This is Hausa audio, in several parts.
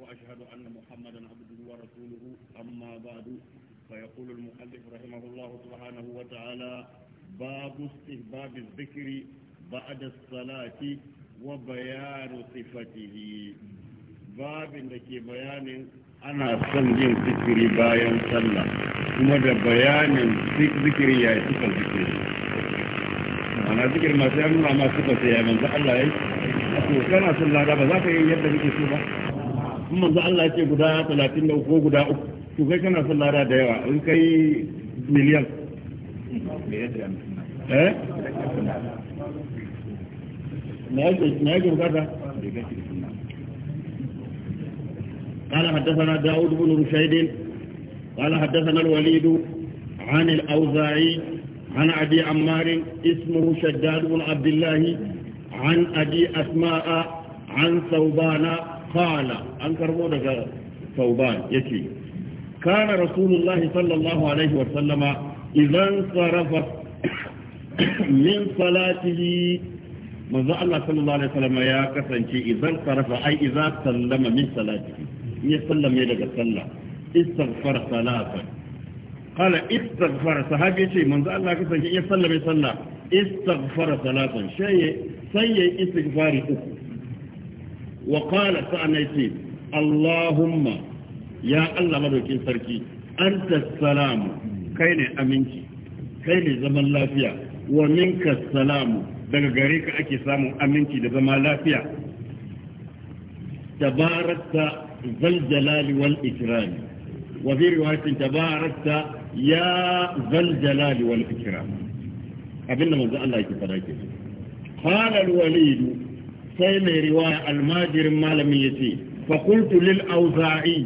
وأشهد أن محمدا عبده ورسوله أما بعد فيقول المؤلف رحمه الله سبحانه وتعالى باب استحباب الذكر بعد الصلاة وبيان صفته باب لكي بيان ana son yin zikiri bayan sallah kuma da bayanin zikiri ya yi suka zikiri ana zikiri masu yan masu suka sai ya manzu Allah ya yi a kana sallah lada ba za ka yi yadda kake so ba in manzo Allah ya ce guda 33 ko guda uku to kai kana son lada da yawa in kai miliyan eh na yake bukata قال حدثنا داود بن رشيد قال حدثنا الوليد عن الأوزاعي عن أبي عمار اسمه شداد بن عبد الله عن أبي أسماء عن ثوبان qala an karbo daga sauban yake. kana rasulullahi sallallahu alaihi wa sallama idan sarafa min salatihi manzo Allah sallallahu alaihi wa sallama ya kasance idan sarafa ai idan sallama min salatihi ya sallame daga sallah istaghfar salatan قال استغفر صحابي Allah kasance. الله كسنك يسلم يسلم استغفر ثلاثا شيء سيء استغفاري أكو wa qala sa'anai ce Allahumma ya Allah madaukin sarki anta salamu kai ne aminci kai ne zaman lafiya wa salamu daga gare ka ake samun aminci da zama lafiya tabarakta zal jalali wal ikrami wa fi riwayatin tabarakta ya zal jalali wal ikrami abinda manzo Allah yake fara ke qala al walid sai mai riwaya almajirin malamin ya ce fakultu lil auza'i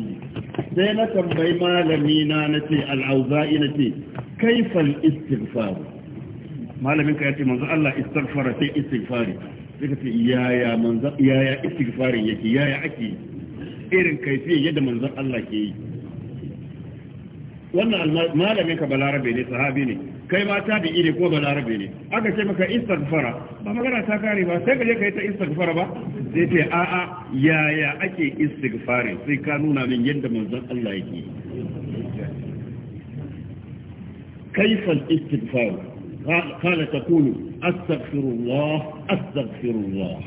sai na tambayi malami na na ce al'auza'i na ce kaifal istighfar malamin ka ya ce manzo Allah istighfara sai istighfari sai ka ce yaya manzo yaya istighfarin yake yaya ake irin kaifiyar yadda manzon Allah ke yi wannan malamin ka balarabe ne sahabi ne kai ma ta bi'i ne ko larabe ne aka ce maka istighfara ba magana ta kare ba sai ka je kai ta istighfara ba sai ce a a ya ya ake istighfari sai ka nuna min yadda manzon Allah yake كيف الاستغفار قال تقول أستغفر الله أستغفر الله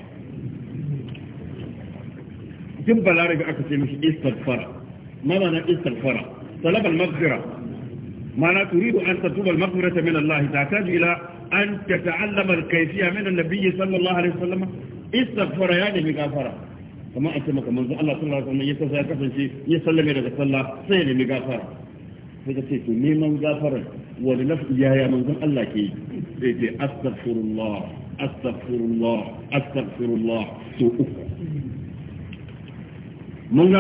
جنب العربي أكثر مش استغفر ما معنى استغفر طلب المغفرة معنى تريد أن تطلب المغفرة من الله تحتاج إلى أن تتعلم الكيفية من النبي صلى الله عليه وسلم استغفر يعني مغفرة كما أنت مكة منذ الله صلى الله عليه وسلم يتسى كفن شيء يسلم إلى الله سيني مغفرة فكتيت نيما مغفرة ولنفس يا منذ الله كي أستغفر الله أستغفر الله أستغفر الله سوء mun ga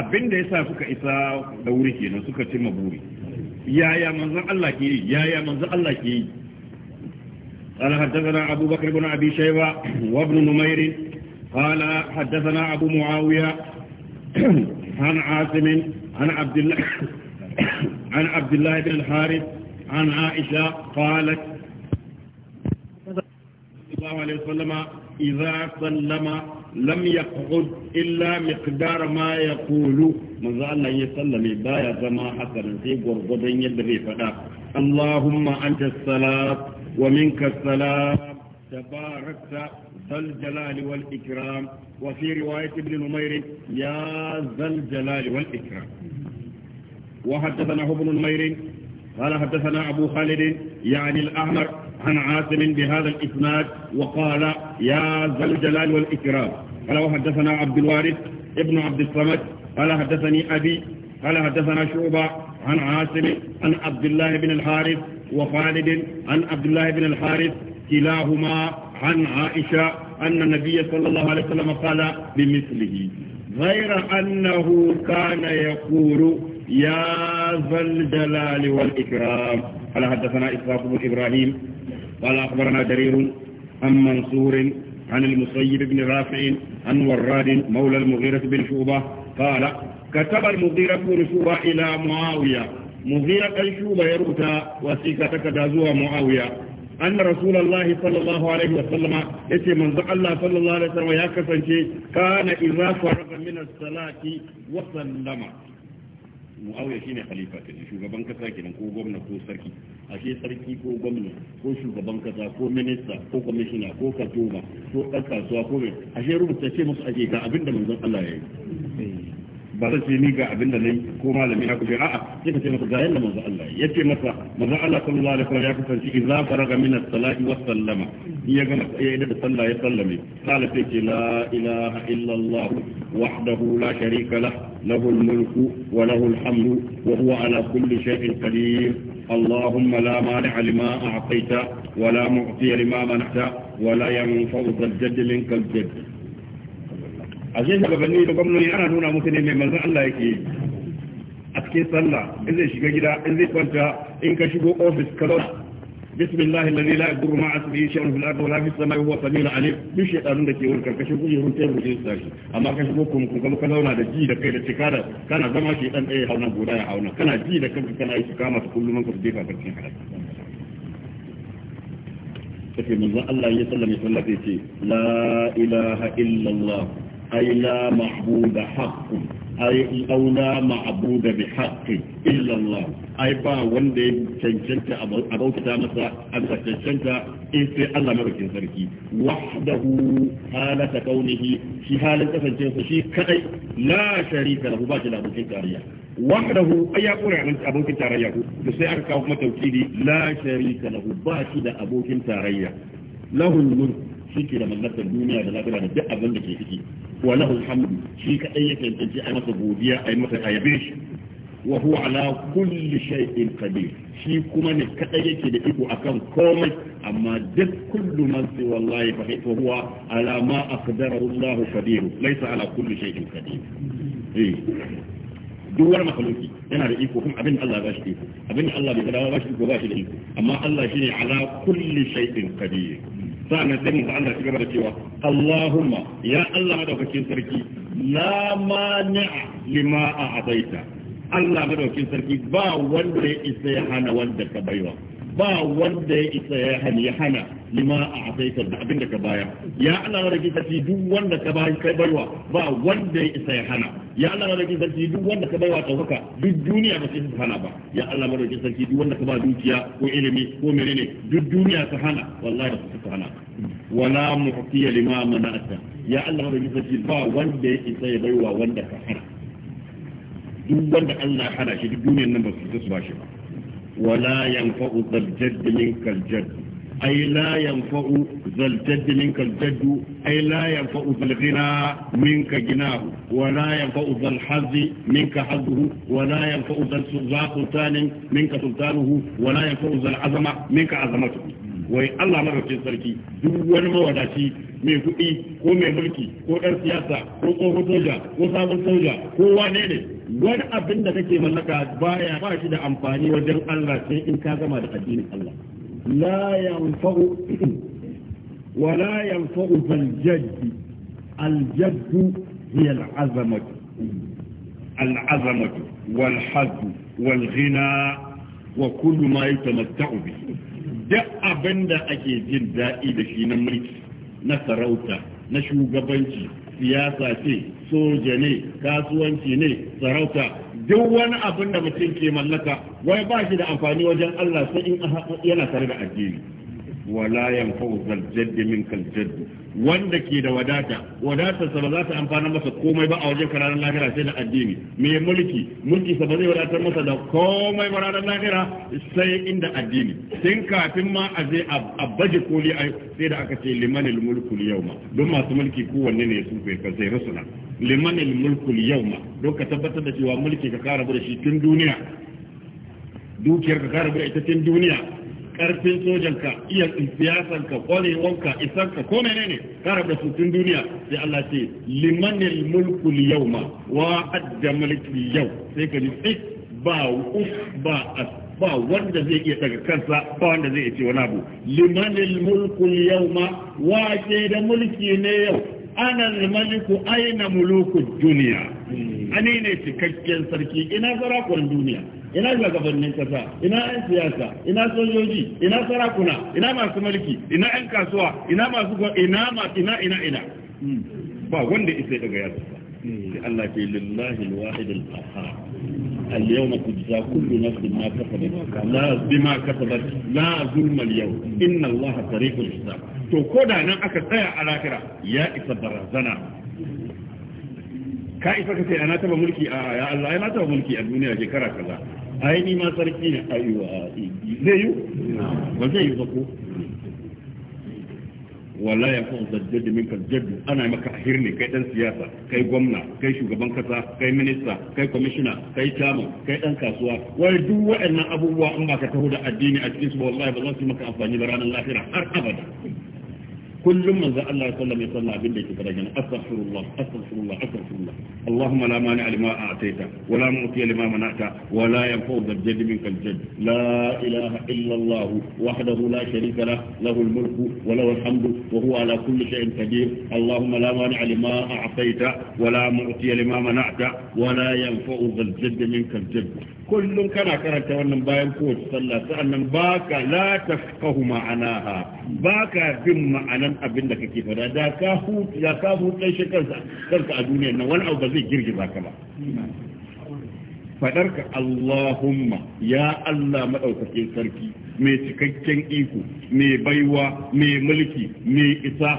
abin da ya sa suka isa da wuri kenan suka cimma buri yaya manzon Allah ke yi yaya manzon Allah ke yi قال حدثنا أبو بكر بن أبي شيبة وابن نمير قال حدثنا أبو معاوية عن عاصم عن عبد الله عن عبد الله بن الحارث عن عائشة قالت صلى الله عليه وسلم إذا سلم لم يقعد إلا مقدار ما يقول من ذا الله يسلم بايا زما حسن في قرقود يدري فدا اللهم أنت السلام ومنك السلام تباركت ذا الجلال والإكرام وفي رواية ابن نمير يا ذا الجلال والإكرام وحدثنا ابن نمير قال حدثنا أبو خالد يعني الأعمر عن عاصم بهذا الإسناد وقال يا ذا الجلال والإكرام قال وحدثنا عبد الوارث ابن عبد الصمد قال حدثني أبي قال حدثنا شعبة عن عاصم عن عبد الله بن الحارث وخالد عن عبد الله بن الحارث كلاهما عن عائشة أن النبي صلى الله عليه وسلم قال بمثله غير أنه كان يقول يا ذا الجلال والإكرام قال حدثنا إسحاق بن إبراهيم قال أخبرنا جرير عن منصور عن المسيب بن رافع عن وراد مولى المغيرة بن شوبة قال كتب المغيرة بن شوبة إلى معاوية مغيرة بن شوبة يروتا وسيكة كدازوها معاوية أن رسول الله صلى الله عليه وسلم اسم من الله صلى الله عليه وسلم يا كسنتي كان إذا فرغ من الصلاة وسلم muawiya shine khalifa kenan shugaban kasa kenan ko gwamna ko sarki ashe sarki ko gwamna ko shugaban kasa ko minista ko commissioner ko katoma ko kasuwa ko a ashe rubuta ce musu ake ga abinda manzon Allah ya yi eh. ba zan ce ni ga abin da nayi ko malami na kuje a'a sai ka ce masa ga yanda manzo Allah yace masa manzo Allah sallallahu alaihi wasallam ya kasance idza faraga min as-salati wa sallama ya ga ya da sallah ya sallame qala sai ce la ilaha illa Allah wahdahu la sharika lah lahu al-mulku wa lahu al-hamdu wa huwa ala kulli shay'in qadir اللهم لا مانع لما أعطيت ولا معطي لما منعت ولا ينفع ذا الجد منك الجد a shi shugabanni da gwamnoni ana nuna musu ne mai manzan Allah yake yi a cikin sallah in zai shiga gida in zai kwanta in ka shigo ofis ka بسم الله الذي لا يضر مع اسمه شيء في الارض ولا في السماء وهو السميع العليم duk shekarun da ke wurkar kashe kujerun tebur zai tashi amma kashe shigo kun kuma ka zauna da ji da kai da tikara kana zama shi dan ɗaya hauna guda ya hauna kana ji da kanka kana yi kama su kullum ka je ka karkin halaka take manzon Allah ya sallame sallah sai ce la ilaha illallah أي لا معبود حق أي أو لا معبود بحق إلا الله أي با وندي تنشنت أبو كتامسا أنت تنشنت إنسي الله مبكي سركي وحده حالة كونه في حالة تنشنت شيء كأي لا شريك له باجل أبو كتاريا وحده أي أقول عن أبو كتاريا بس أركب متوكيدي لا شريك له باجل أبو كتاريا له الملك shi ke da mallakar duniya da lafiya da duk abin da ke ciki wa lahu alhamdu shi kadai tantance a masa godiya a masa shi wa huwa ala kulli shay'in qadir shi kuma ne kadai yake da iko akan komai amma duk kullu man wallahi fa huwa ala ma qadir laysa ala kulli shay'in qadir eh yana da iko kuma abin Allah ba shi iko abin Allah bai kada ba shi iko ba shi da iko amma Allah shine ala kulli shay'in qadir sa'an sai mu Allah shi gaba da cewa Allahumma ya Allah madaukakin sarki la mani'a lima a'taita Allah madaukakin sarki ba wanda ya isa ya hana wanda ka baiwa ba wanda ya isa ya hana ya hana lima a asaita da abin da ka baya ya Allah na rage sarki duk wanda ka bayi kai baiwa ba wanda ya isa ya hana ya Allah na rage sarki duk wanda ka baiwa ɗaukaka duk duniya ba sai su hana ba ya Allah na rage sarki duk wanda ka ba dukiya ko ilimi ko menene duk duniya ka hana wallahi ba su hana wala mu'tiya lima mana'ata ya Allah na rage sarki ba wanda ya isa ya baiwa wanda ka hana duk wanda Allah hana shi duk duniyar nan ba su su ba shi ba ولا ينفع ذا الجد منك الجد أي لا ينفع ذا الجد منك الجد أي لا ينفع ذا الغنى منك جناه ولا ينفع ذا الحظ منك حظه ولا ينفع ذا سلطان منك سلطانه ولا ينفع ذا العظمة منك عظمته wai Allah madaukakin sarki duk wani mawadaci mai kuɗi ko mai mulki ko ɗan siyasa ko tsohon soja ko sabon soja ko wane ne wani abin da kake mallaka baya ba shi da amfani wajen Allah sai in ka gama da addinin Allah la yanfa'u wa la yanfa'u fal jadd al jadd hiya al azamatu al azamatu wal hadd wal ghina wa kullu ma yatamatta'u bihi duk abin da ake jin daɗi da shi na mulki na sarauta na shugabanci siyasa ce soja ne kasuwanci ne sarauta duk wani abin da mutum ke mallaka wai ba shi da amfani wajen Allah sai in yana tare da addini wala yanfa'u zaljaddi min kaljaddi wanda ke da wadata wadatarsa ba za ta amfana masa komai ba a wajen ranar lahira sai da addini mai mulki mulki sa ba zai wadatar masa da komai ba ranar lahira sai inda addini tun kafin ma a je a baje koli a sai da aka ce limanil mulkul ma don masu mulki kowanne ne su bai fa sai rasuna limanil mulkul don ka tabbatar da cewa mulki ka kara da shi tun duniya dukiyar ka kara da ita tun duniya karfin ka iya siyasanka kwarewanka isanka ko menene ka rabu da sutun duniya sai Allah ce limanil mulku yawma wa adda mulki yau sai ka ni tsik ba us ba as ba wanda zai iya daga kansa ba wanda zai iya ce wani abu limanil mulku yawma wa ke da mulki ne yau ana almaliku aina muluku duniya hmm. ani ne cikakken sarki ina sarakunan duniya ina shugabannin kasa ina yan siyasa ina sojoji ina sarakuna ina masu mulki ina yan kasuwa ina masu ina ma ina ina ina hmm. ba wanda isa daga yasa sai Allah ke lillahi alwahid alqahhar اليوم تجزى كل نفس ما كسبت لا بما كسبت لا ظلم اليوم ان الله طريق الحساب to koda nan aka tsaya a lakira ya isa barazana ka ka ce ana taba mulki a ya Allah ana taba mulki a duniya shekara kaza ai ni ma sarki ne aiwa zai yi ba zai yi ba wala ya fa'u zaddad minka jadu. ana maka ahir ne kai dan siyasa kai gwamna kai shugaban kasa kai minista kai kwamishina, kai chairman kai dan kasuwa wai duk waɗannan abubuwa in ka taho da addini a cikin su wallahi ba zan su maka amfani da ranar lahira har abada kullum manzo Allah sallallahu mai wasallam abin da yake fara gani astaghfirullah astaghfirullah astaghfirullah Allahumma la mani lima a'taita wa la mu'ti lima mana'ta wa la yanfa'u dhal jaddi minkal jadd la ilaha illa Allah wahdahu la sharika lah lahu al-mulku wa lahu al-hamdu wa huwa ala kulli shay'in qadir Allahumma la mani lima a'taita wa la mu'ti lima mana'ta wa la yanfa'u dhal min minkal jadd kullum kana karanta wannan bayan kowace sallah sa'annan baka la tafqahu ma'anaha ka bin ma'anan abin da kake fada da ka hutu ya ka hutu ɗan kansa kanka a duniya. nan wani abu ba zai girgiza ka ba ka Allahumma ya Allah maɗaukakin sarki mai cikakken iko mai baiwa mai mulki mai isa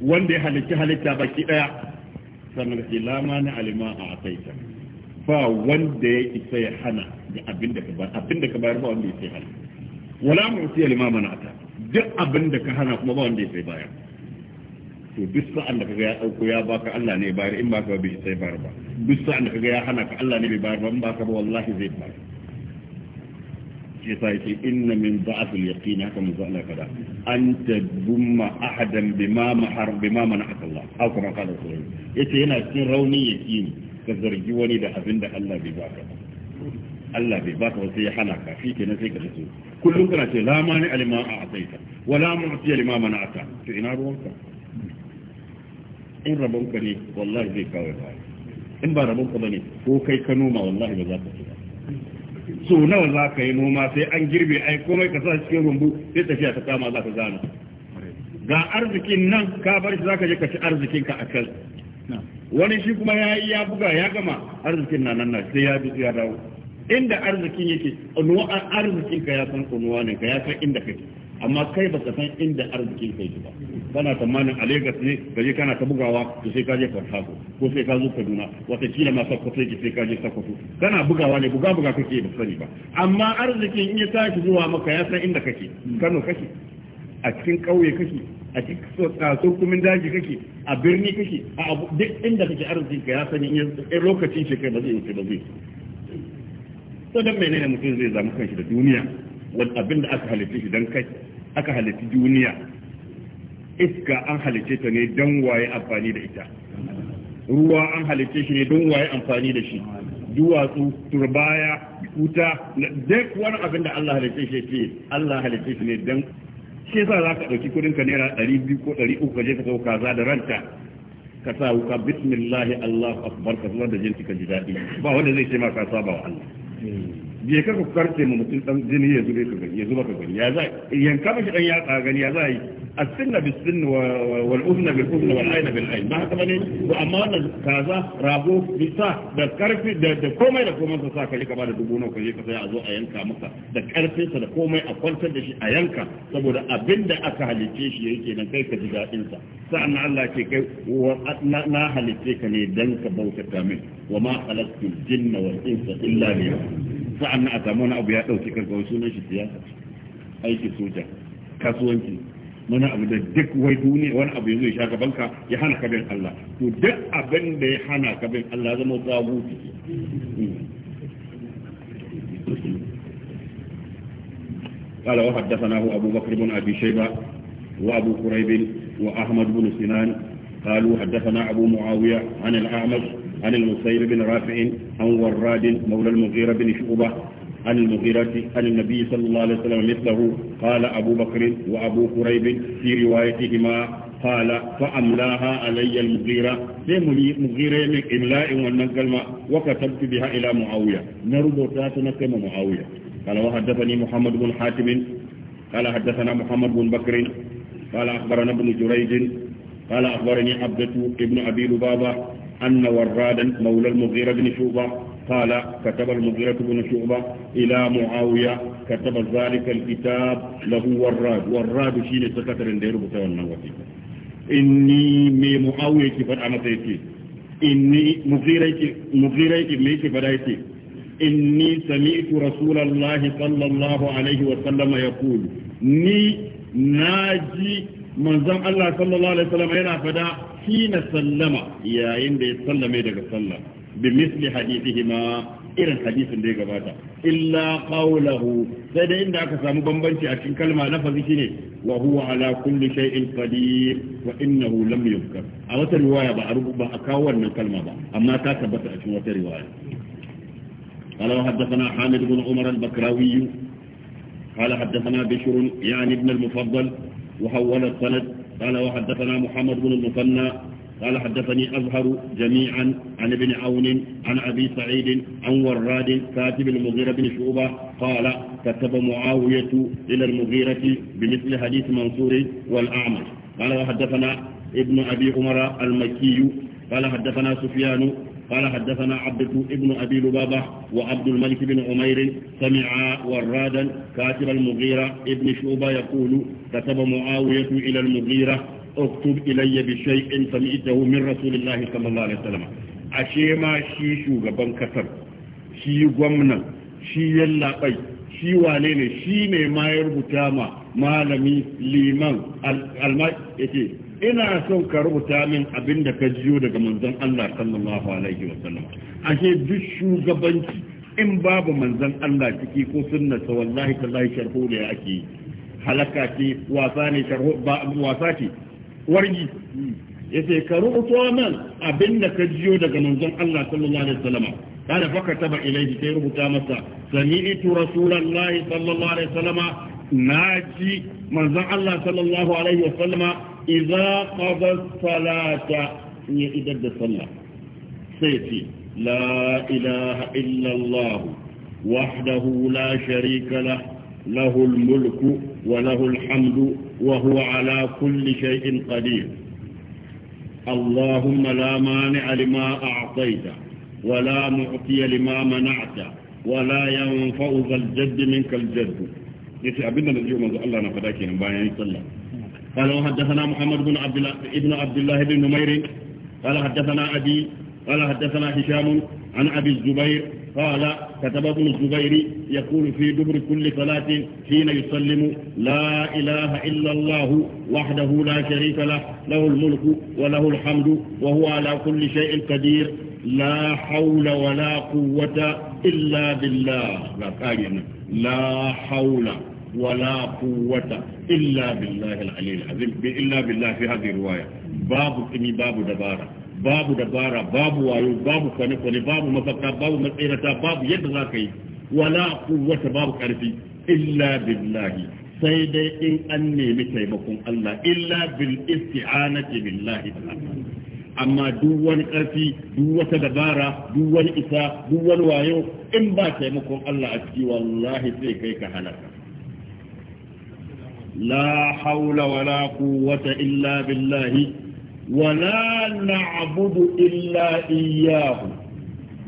wanda ya halitta halitta baki ɗaya. sannan sai lamani alima a ataita ba wanda ya isa ya hana ga abin da ka bayar abin da ka bayar ba wanda ya sai hana wala mu sai limaman ata duk abin da ka hana kuma ba wanda ya sai bayar to duk sa'an da kaga ya dauko ya baka Allah ne bayar in baka ba bai sai bayar ba duk sa'an da kaga ya hana ka Allah ne bai bayar ba in baka ba wallahi zai bayar yasa yake inna min da'af al-yaqin haka kada ahadan bima mahar bima Allah aw yace yana cikin rauni yaqini ka zargi wani da abin da Allah bai baka Allah bai baka wasu ya hana ka shi kenan sai ka taso kullum kana ce la mani alima a asaita wa la mu'tiya lima mana ata to ina ruwanka in rabon ka ne wallahi zai kawo ka in ba rabon ka bane ko kai ka noma wallahi ba za ka ci so nawa za ka yi noma sai an girbe ai komai ka sa cikin rumbu sai tafiya ta kama za ka gano ga arzikin nan ka bar shi za ka je ka ci arzikin ka a kai wani shi kuma ya yi ya buga ya gama arzikin na nan sai ya bi ya dawo inda arzikin yake tsanuwar arzikin ka ya san tsanuwa ne ka ya san inda kake amma kai baka san inda arzikin kai ba kana tsammanin a Lagos ne ka je kana ta bugawa to sai ka je Port Harcourt ko sai ka zo Kaduna wata kila ma Sokoto ke sai ka je Sokoto kana bugawa ne buga buga kake ba sani ba amma arzikin in ya tashi zuwa maka ya san inda kake Kano kake a cikin kauye kake a cikin kaso daji kake a birni kake a abu duk inda kake arziki ka ya sani in lokacin shi kai ba zai wuce ba zai to dan menene mutum zai zama kanshi da duniya wani abin da aka halitta shi dan kai aka halitta duniya iska an halitta ta ne dan waye amfani da ita ruwa an halitta shi ne don waye amfani da shi duwatsu turbaya wuta duk wani abin da Allah halitta shi ce Allah halitta shi ne dan shi yasa za ka ɗauki kudin ka naira ɗari biyu ko ɗari uku ka je ka sau kaza da ranta ka sa wuka bismillahi allahu akbar ka zuwa da jinsi ka ji daɗi ba wanda zai ce ma ka saba wa Allah biye hmm. ka ku karce mu mutum jini ya zuba ka gani ya zuba ka gani ya za yanka mashi dan yatsa gani ya za yi السن بالسن والأذن بالأذن والعين بالعين ما هذا بني وأما كذا رابو بسا ده كرفي ده ده كومي ده كومي سا كلي كما ده دبونو كلي كسا يعزو أينكا مكا ده كرفي سا ده كومي أقوانتا ده شي أينكا سبو ده أبن ده أكا هلتيش يكي نكي كجدا إنسا سأنا الله كي كي وأنا هلتيك ني دنك بوتا كامل وما خلقت الجن والإنس إلا ليوم سأنا أتامون أبو يأتو تكر قوسونا شي سياسة أي شي سوجة kasuwanci wani abu da duk wai duniya wani abu yanzu ya sha gaban ka ya hana ka bin Allah to duk abin da ya hana ka bin Allah zama tsabuti قال وحدثناه أبو بكر بن أبي شيبة وأبو قريب وأحمد بن سنان قالوا حدثنا أبو معاوية عن الأعمش عن المسير بن رافع عن وراد مولى المغيرة بن شعبة عن المغيرة عن النبي صلى الله عليه وسلم مثله قال أبو بكر وأبو قريب في روايتهما قال فأملاها علي المغيرة لي مغيرة من إملاء والنقل وكتبت بها إلى معاوية نربو تاتنا كما معاوية قال وحدثني محمد بن حاتم قال حدثنا محمد بن بكر قال أخبرنا ابن جريج قال أخبرني عبدة ابن أبي لبابة أن ورادا مولى المغيرة بن شوبة قال كتب المغيرة بن شعبة إلى معاوية كتب ذلك الكتاب له وراد وراد شين سكتر دير بتوانا وثيقة إني مي معاوية كفر أنا سيتي إني مغيرة مغيرة مي كفر إني سمعت رسول الله صلى الله عليه وسلم يقول ني ناجي manzon Allah sallallahu alaihi wasallam yana fada hina sallama yayin da ya sallame daga sallah bi misli hadithihima irin hadisin da ya gabata illa qawluhu sai da inda aka samu bambanci a cikin kalma lafazi shine wa huwa ala kulli shay'in qadir wa innahu lam yuzkar a wata riwaya ba a rubuta a kawo wannan kalma ba amma ta tabbata a wata riwaya قال وحدثنا حامد بن عمر البكراوي قال حدثنا بشر يعني ابن المفضل وحول السند قال وحدثنا محمد بن المثنى قال حدثني أظهر جميعا عن ابن عون عن أبي سعيد عن وراد كاتب المغيرة بن شعبة قال كتب معاوية إلى المغيرة بمثل حديث منصور والأعمش قال وحدثنا ابن أبي عمر المكي قال حدثنا سفيان قال حدثنا عبد ابن أبي لبابة وعبد الملك بن عمير سمع ورادا كاتب المغيرة ابن شعبة يقول كتب معاوية إلى المغيرة اكتب الي بشيء سمعته من رسول الله صلى الله عليه وسلم ashe ma shi shugaban kasar shi gwamnan shi yallaɓai shi wane ne shi ne يربطا ما rubuta ma malami liman almaki ina son ka rubuta min abin da ka jiyo daga manzon Allah sallallahu alaihi wasallam ashe duk shugabanci in babu manzon Allah ciki ko sunna wallahi tallahi sharhu da yake halaka ce wasa ne sharhu ba wasa ce wargi yace ka rubuto man abinda ka jiyo daga manzon Allah sallallahu alaihi wasallam kada fa kataba ilayhi sai rubuta masa sami'tu rasulullahi sallallahu alaihi wasallam naji manzon Allah sallallahu alaihi wasallam idza qada salata ya idar da sallah sai ce la ilaha illa Allah wahdahu la sharika lahu له الملك وله الحمد وهو على كل شيء قدير اللهم لا مانع لما أعطيت ولا معطي لما منعت ولا ينفع ذا الجد منك الجد يسي أبدا نجي منذ الله نفداك ينبايا صلى قال وحدثنا محمد بن عبد الله ابن عبد الله بن نمير قال حدثنا أبي قال حدثنا هشام عن أبي الزبير قال كتب ابن الزبير يقول في دبر كل صلاة حين يسلم لا إله إلا الله وحده لا شريك له له الملك وله الحمد وهو على كل شيء قدير لا حول ولا قوة إلا بالله لا, يعني لا حول ولا قوة إلا بالله العلي العظيم إلا بالله في هذه الرواية باب باب دبارة babu dabara babu wayo babu kwane-kwane babu mafaka babu matsirata babu yadda za ka yi wala kuwata babu karfi illa billahi sai dai in an nemi taimakon Allah illa bil isti'anati billahi amma duk wani karfi duk wata dabara duk wani isa duk wani wayo in ba taimakon Allah a ciki wallahi sai kai ka halaka la haula wala quwwata illa billahi wala na'budu illa iyyahu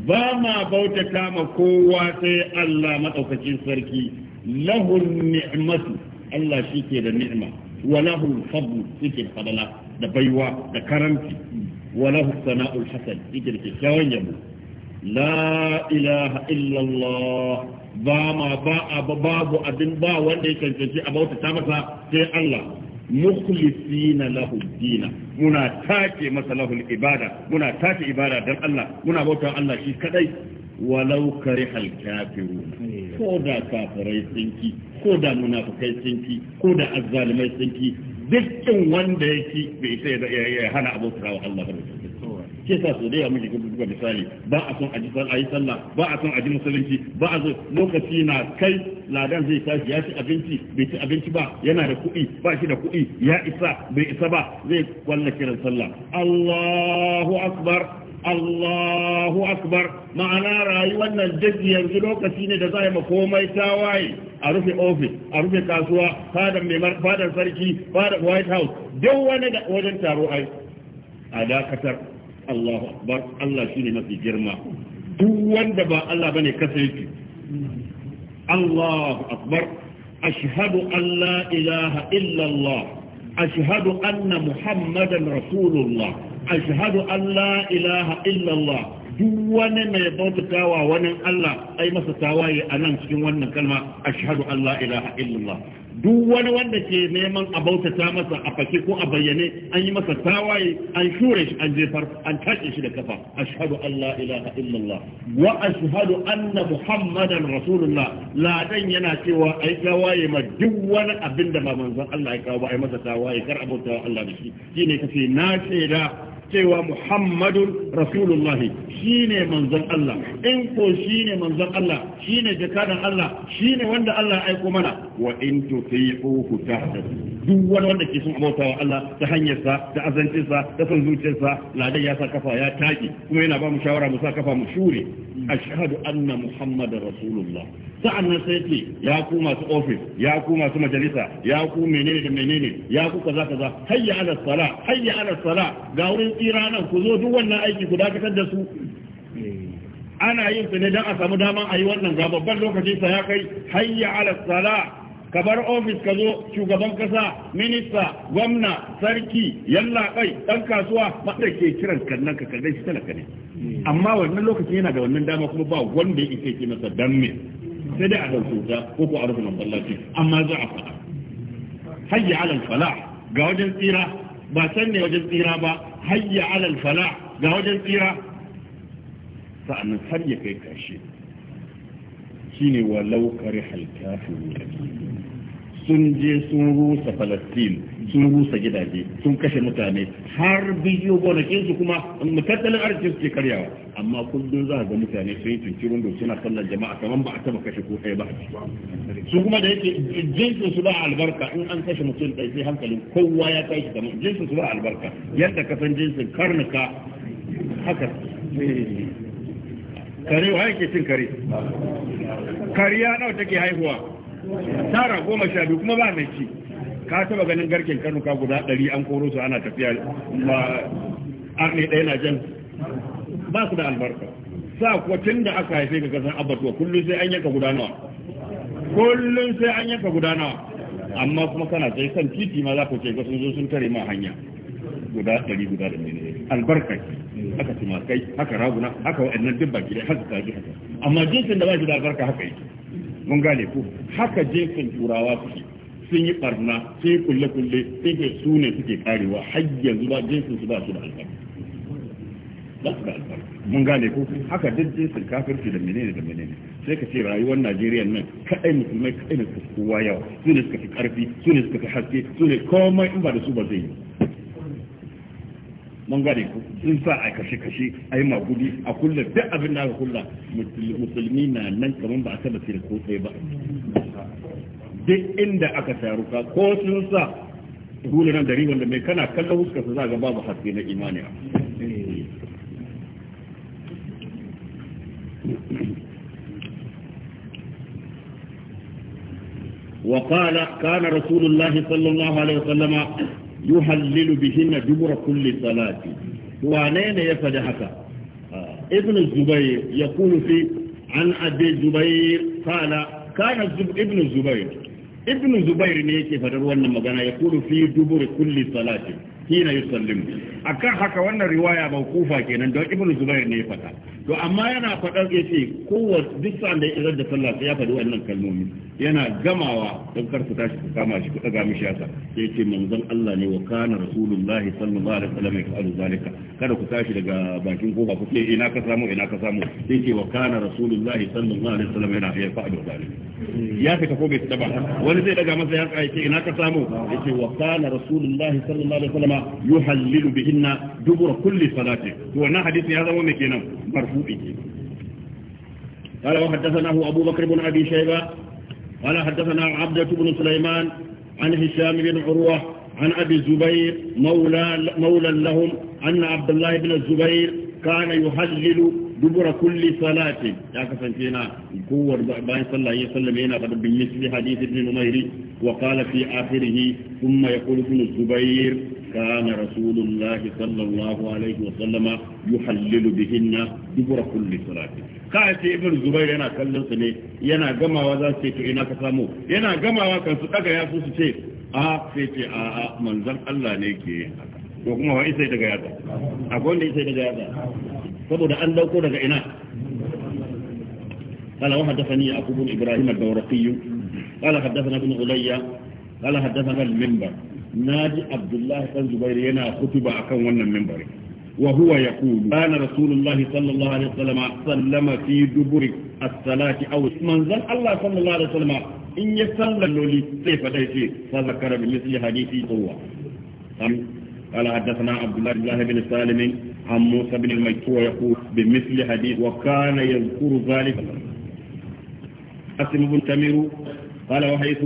ba ma bautata ma kowa sai Allah madaukakin sarki lahu ni'matu Allah shi ke da ni'ima walahu fadlu yake da fadala da baiwa da karanci walahu sana'ul hasan yake da kyakkyawan yabo la ilaha illallah ba ma ba babu abin ba wanda ya cancanci a ta masa sai Allah mukhlisina lahu dina muna take masa lahu ibada muna take ibada dan Allah muna bauta Allah shi kadai walau karihal ko da kafirai sinki ko da munafikai sinki ko da azzalimai sinki dukkan wanda yake bai sai ya hana abota wa Allah ba shi yasa so da ya muke buga misali ba a son aji san sallah ba a son aji musulunci ba a son lokaci na kai ladan zai tashi ya ci abinci bai ci abinci ba yana da kuɗi ba shi da kuɗi ya isa bai isa ba zai kwalla kiran sallah Allahu akbar Allahu akbar ma'ana rayuwar nan duk yanzu lokaci ne da za a komai tawaye a rufe ofis a rufe kasuwa fadar mai fadar sarki fadar white house duk wani wajen taro ai a dakatar Allahu akbar Allah shine mafi girma duk wanda ba Allah bane kasance Allahu akbar ashhadu an la ilaha illa Allah ashhadu anna muhammadan rasulullah ashhadu an la ilaha illa Allah duk wani mai bautatawa wani Allah ai masa tawaye a nan cikin wannan kalma ashhadu Allah ilaha illallah duk wani wanda ke neman a bautata masa a fake ko a bayyane an yi masa tawaye an shure shi an jefar an tace shi da kafa ashhadu Allah ilaha illallah wa ashhadu anna muhammadan rasulullah yana cewa ai tawaye ma duk wani abinda da ba manzon Allah ya kawo ba ai masa tawaye kar a bautawa Allah da shi shine kace na shaida cewa Muhammadun Rasulullahi shine manzan Allah in ko shine manzan Allah shine jakadan Allah shine wanda Allah ya aiko mana wa in tuti'uhu tahtadu duk wani wanda ke son abautawa Allah ta hanyarsa ta azancinsa ta son zuciyarsa ladan ya sa kafa ya taki kuma yana ba mu shawara mu sa kafa mu shure shahadu anna muhammadu Rasulullah sa'annan sai ce ya ku masu ofis ya ku masu majalisa ya ku menene da menene ya ku kaza kaza hayya ala sala hayya ala sala ga wurin ɗauki ranar ku zo duk wannan aiki ku dakatar da su ana yin su ne don a samu daman a yi wannan ga babban lokacin sa ya kai hayya ala sala ka bar ofis ka zo shugaban kasa minista gwamna sarki yalla kai dan kasuwa ba ke kiran kannan ka kallon shi talaka ne amma wannan lokacin yana da wannan dama kuma ba wanda ya ke ki masa dan me sai dai a dauke ta ko ko a rufe masallaci amma za a faɗa hayya ala falah ga wajen tsira ba can ne wajen tsira ba hayya alal fala ga wajen tsira sa'annan har ya kai kashe shine walau kare halkafi sun je sun rusa falastin sun rusa gidaje sun kashe mutane har biyu gonakin su kuma tattalin arzikin suke karyawa amma kullum za a ga mutane sun yi tunkirin da suna sallar jama'a kamar ba a taba kashe ko ɗaya ba su kuma da yake jinsin su ba albarka in an kashe mutum da sai hankalin kowa ya kai shi kamar jinsin su ba albarka yadda ka san jinsin karnuka haka kare wa yake cin kare kariya nawa take haihuwa tara goma sha biyu kuma ba mai ci ka taba ganin garken kanuka guda ɗari an koro su ana tafiya ba arne ɗaya na jan ba su da albarka sa kuwa tun da aka haife ka kasan abatuwa kullum sai an yanka guda nawa kullum sai an yanka guda nawa amma kuma kana sai san titi ma za ku ce ga sun zo sun tare ma hanya guda ɗari guda da mene albarka haka kai haka raguna haka waɗannan dubba baki haka kaji haka amma jinsin da ba shi da albarka haka yi mun gane ku haka jinsin turawa kuke. sun yi barna sun yi kulle-kulle sun ke su ne suke karewa har yanzu ba jinsin su ba su da alfarki ba su da alfarki mun gane ko haka duk jinsin kafirci da menene da menene sai ka ce rayuwar Najeriya nan kadai musulmai kadai ne suka kowa yawa su ne suka fi karfi su ne suka fi haske su ne komai in ba da su ba zai yi mun gane ko sun sa a kashe-kashe a yi magudi a kulle duk abin da aka kulla musulmi na nan kamar ba a taba ko tsaye ba duk inda aka taru ka ko sun sa hula nan dari wanda mai kana kallon huskar sa za ga babu haske na imani وقال كان رسول الله صلى الله عليه وسلم يهلل بهن دبر كل صلاة وعنين يفدحك ابن الزبير يقول في عن أبي الزبير قال كان ابن الزبير ibnu zubair ne yake fadar wannan magana ya kulu fi duburi kulli salati hina yusallimu akan haka wannan riwaya mawqufa kenan don ibnu zubair ne ya fata to amma yana fadar yace kowa duk sanda ya izar da sallah sai ya faɗi wannan kalmomi yana gamawa don kar ku tashi ku kama shi ku daga mishi yasa sai yace manzon Allah ne wa kana rasulullahi sallallahu alaihi wasallam yaf'alu zalika kada ku tashi daga bakin kofa ku ce ina ka samu ina ka samu sai yace wa kana rasulullahi sallallahu alaihi wasallam yana yaf'alu zalika ya fita ko bai fita ba wani zai daga masa ya ce ina ka samu yace wa kana rasulullahi sallallahu alaihi wasallam yuhallilu bihi bihinna dubura kulli salati to wannan hadisin ya zama mai kenan marfu'i kenan قال وحدثناه أبو بكر بن أبي شيبة قال حدثنا عبدة بن سليمان عن هشام بن عروة عن أبي الزبير مولى, مولى لهم أن عبد الله بن الزبير كان يهلل dubura kulli salati ya kasance na kowar bayan sallah ya sallame yana fada bin misli hadith ibn umairi wa qala fi akhirih thumma yaqulu ibn zubair kana rasulullahi sallallahu alaihi wa sallama yuhallilu bihinna dubura kulli salati ka ce ibn zubair yana kallon su ne yana gamawa za su ce ina ka samu yana gamawa kan su daga ya su ce a sai ce a manzon Allah ne ke ko kuma wa isa daga yada akwai wanda isa daga yada saboda an dauko daga ina قال وحدثني يعقوب بن ابراهيم الدورقي قال حدثنا ابن علي قال حدثنا المنبر ناجي عبد الله بن زبير ينا خطبه akan wannan minbari وهو يقول كان رسول الله صلى الله عليه وسلم سلم في دبر الصلاة أو من ذن الله صلى الله عليه وسلم إن يسلم لولي سيف ديسي فذكر بمثل حديثي هو قال حدثنا عبد الله بن بن سالم عن موسى بن الميسور يقول بمثل حديث وكان يذكر ذلك قاسم بن تمير قال وحيث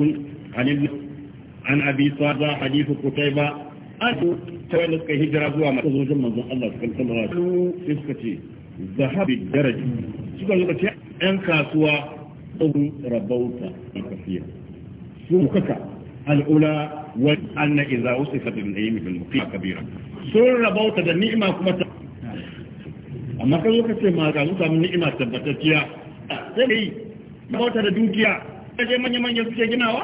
عن ابن عن ابي صاد حديث قتيبة أدو تولد كي هجرة زوا ما تزوج المنزل الله صلى الله عليه وسلم ذهب الدرج suka zuba ce ‘yan kasuwa ɗin rabauta a kafiya su kaka al'ula wa anna idza usifa bil na'im bil muqim kabira sun rabauta da ni'ima kuma ta amma kai ka ce ma ga samu ni'ima tabbatacciya sai dai rabauta da dukiya kaje manya manya suke ginawa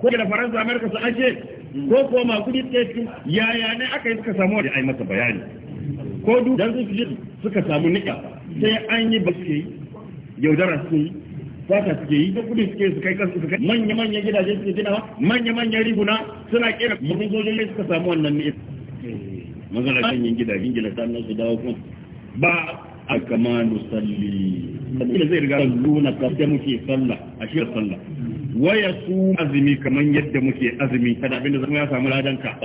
ko da faransa amerika su aje ko ko ma kudi take yaya ne aka yi suka samu da ai masa bayani ko du dan su suka samu ni'ima sai an yi baske yaudara su fata suke yi da kudi suke su kai kansu su kai manya manya gidaje suke gina ginawa manya manya riguna suna kera mutum sojoji suka samu wannan ne eh, mazalatan yin gida gingila sannan su dawo kun ba a kama nusalli sabila zai riga luna kafin muke salla a shirar sallah waya su azumi kamar yadda muke azumi kada abinda zama ya samu ladan ka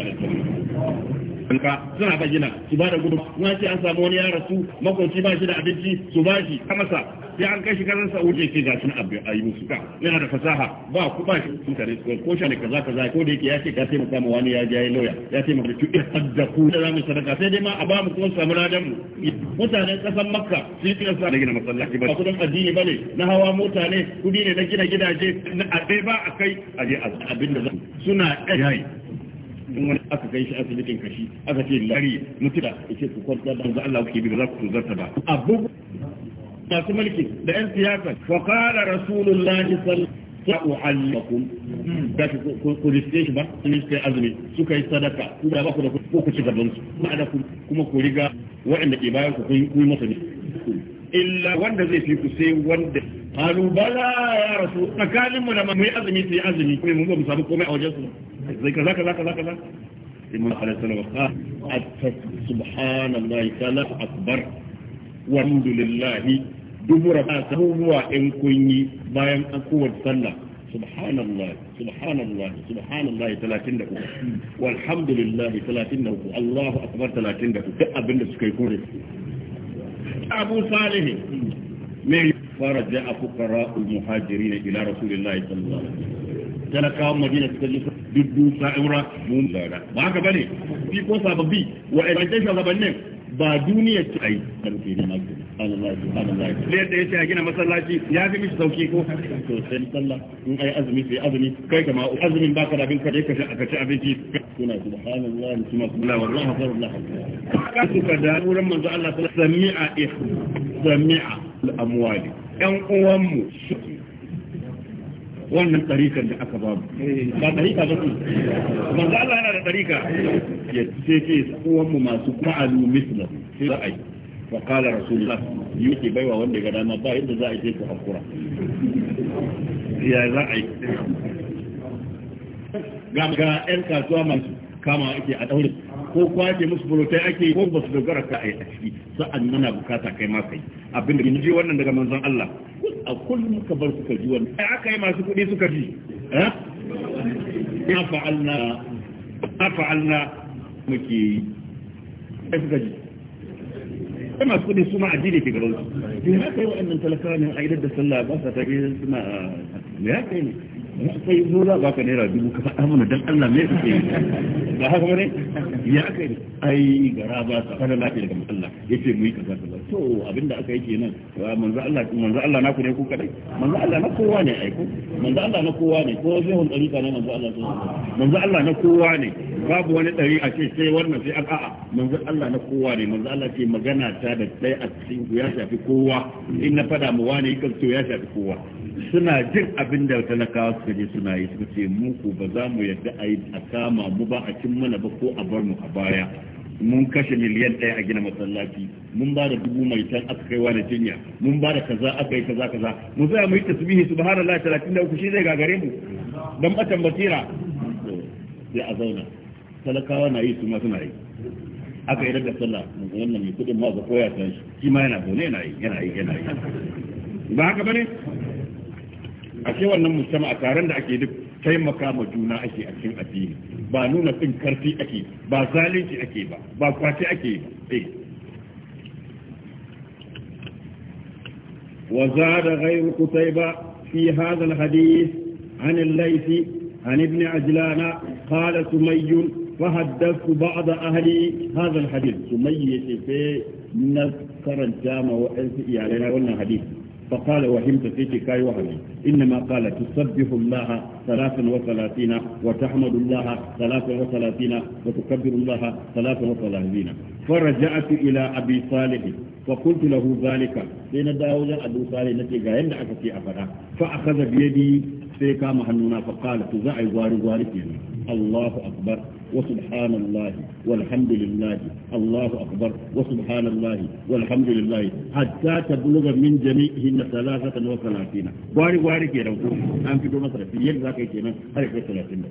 ka suna bayyana su ba da gudu kuma ce an samu wani ya rasu makoci ba shi da abinci su ba shi a masa sai an kai shi sa wuce ke gashin suna abu a yi musu ka yana da fasaha ba ku ba shi sun kare ko shi ne kaza kaza ko da yake ya ce ka mu ma wani ya jaye lauya ya taimaka da tuɗe hadda ku da zamu sadaka sai dai ma a ba mu kuma samu ladan mu mutanen kasar makka su yi tilas da gina masallaci ba kudin addini ba ne na hawa mota ne kudi ne na gina gidaje na abe ba a kai a je abin da suna yayi in wani aka kai shi asibitin kashi aka ce lari mutuda ya ce ku kwanta da Allah kuke bi ba za ku zarta ba abu masu mulki da yan siyasa wa qala rasulullahi sallallahu alaihi wasallam da ku shi ba sun yi azumi suka yi sadaka ku da ba ku da ku ci gaban su kuma ku riga waɗanda ke bayan ku kun yi masa ne illa wanda zai fi sai wanda halu bala ya rasu tsakanin mu da mu yi azumi sai azumi kuma mun ba mu samu komai a wajen su zai kaza kaza kaza kaza imam alaihi sallam subhanallahi kana akbar dubura ta sabuwa in kun yi bayan an sallah سبحان الله سبحان 33 33 33 duk suka yi kore abu salih mai faraja a fukara muhajiri ne ila rasulullahi sallallahu alaihi talakawan madina suka ji duddu sa'ura mun zara ba haka bane shi ko ba duniya ce ai karfe ne na gina Allah Allah sai da yace a gina masallaci ya fi mishi sauki ko to sai sallah in ai azumi sai azumi kai kama azumin ka da bin ka dai ka ka ci abinci kuna subhanallah kuma Allah wallahi akbar Allah ka su ka da wurin manzo Allah sami'a ihsan sami'a al-amwali ɗan mu. wannan tarikan da aka babu ba tarika ba ce manzo Allah yana da tarika ya ce ce kowan mu masu fa'alu misla sai da ai fa qala rasulullah yake baiwa wanda ga dama ba yadda za a yi ku hakura ya za a yi ga ga ƴan kasuwa masu kama ake a daure ko kwaje musu bulutai ake ko ba su dogara ka a yi a ciki sa'an nana bukata kai ma kai abinda ji wannan daga manzon Allah a kullum ka bar suka ji wani ai aka yi masu kuɗi suka ji eh? ya fa'alna a fa'alna muke yi ai suka ji ai masu kuɗi su ma addini ke gaban su ya kai wa'annan talakawa ne a idar da sallah ba sa ta suna me ya kai ne in kai zo za ba ka naira dubu ka faɗa mana dan Allah me kake yi ba haka bane ya aka yi ai gara ba ka fara lafiya daga Allah yace mu yi kaza kaza to abinda aka yi kenan manzo Allah manzo Allah n'a naku ne ku kadai manzo Allah na kowa ne ai ku manzo Allah na kowa ne ko zai hun dariƙa ne manzo Allah manzo Allah na kowa ne babu wani ɗari a ce sai wannan sai an a'a manzo Allah na kowa ne manzo Allah ce magana ta da ɗaya a cikin ya shafi kowa in na fada mu wani kan to ya shafi kowa suna jin abin da talakawa suka je suna yi suka ce mu ko ba za mu yadda a yi a kama mu ba a cin mana ba ko a bar mu a baya mun kashe miliyan ɗaya a gina masallaci mun ba da dubu mai tan aka kai wani jinya mun ba da kaza aka yi kaza kaza mu zai mu yi tasbihi subhanallahi 33 shi zai gagare mu dan batan basira sai a zauna talakawa na yi su ma suna yi aka yi daga sallah wannan mai kudin ma ga koya ta shi shi ma yana zaune yana yi yana yi yana yi ba haka bane a ce wannan musamman a taron da ake duk taimaka ma juna ake a cikin addini ba nuna tsin karfi ake ba zalunci ake ba ba kwace ake ba وزاد غير قتيبة في هذا الحديث عن الليث عن ابن عجلان قال سمي فحدثت بعض أهل هذا الحديث سمية في نذكر الجامع وأنسئي علينا قلنا حديث فقال وهمت في كاي وهمي إنما قال تسبح الله ثلاثا وثلاثين وتحمد الله ثلاثا وثلاثين وتكبر الله ثلاثا وثلاثين فرجعت إلى أبي صالح فقلت له ذلك لأن داود أبو صالح نتي قايم أكتي أفدا فأخذ بيدي سيكام هنونا فقال تزعي واري واري الله أكبر وسبحان الله والحمد لله الله أكبر وسبحان الله والحمد لله حتى تبلغ من جميعهن ثلاثة وثلاثين واري واري كي روكو أم في دوما يل ذاك كينا هل ثلاثين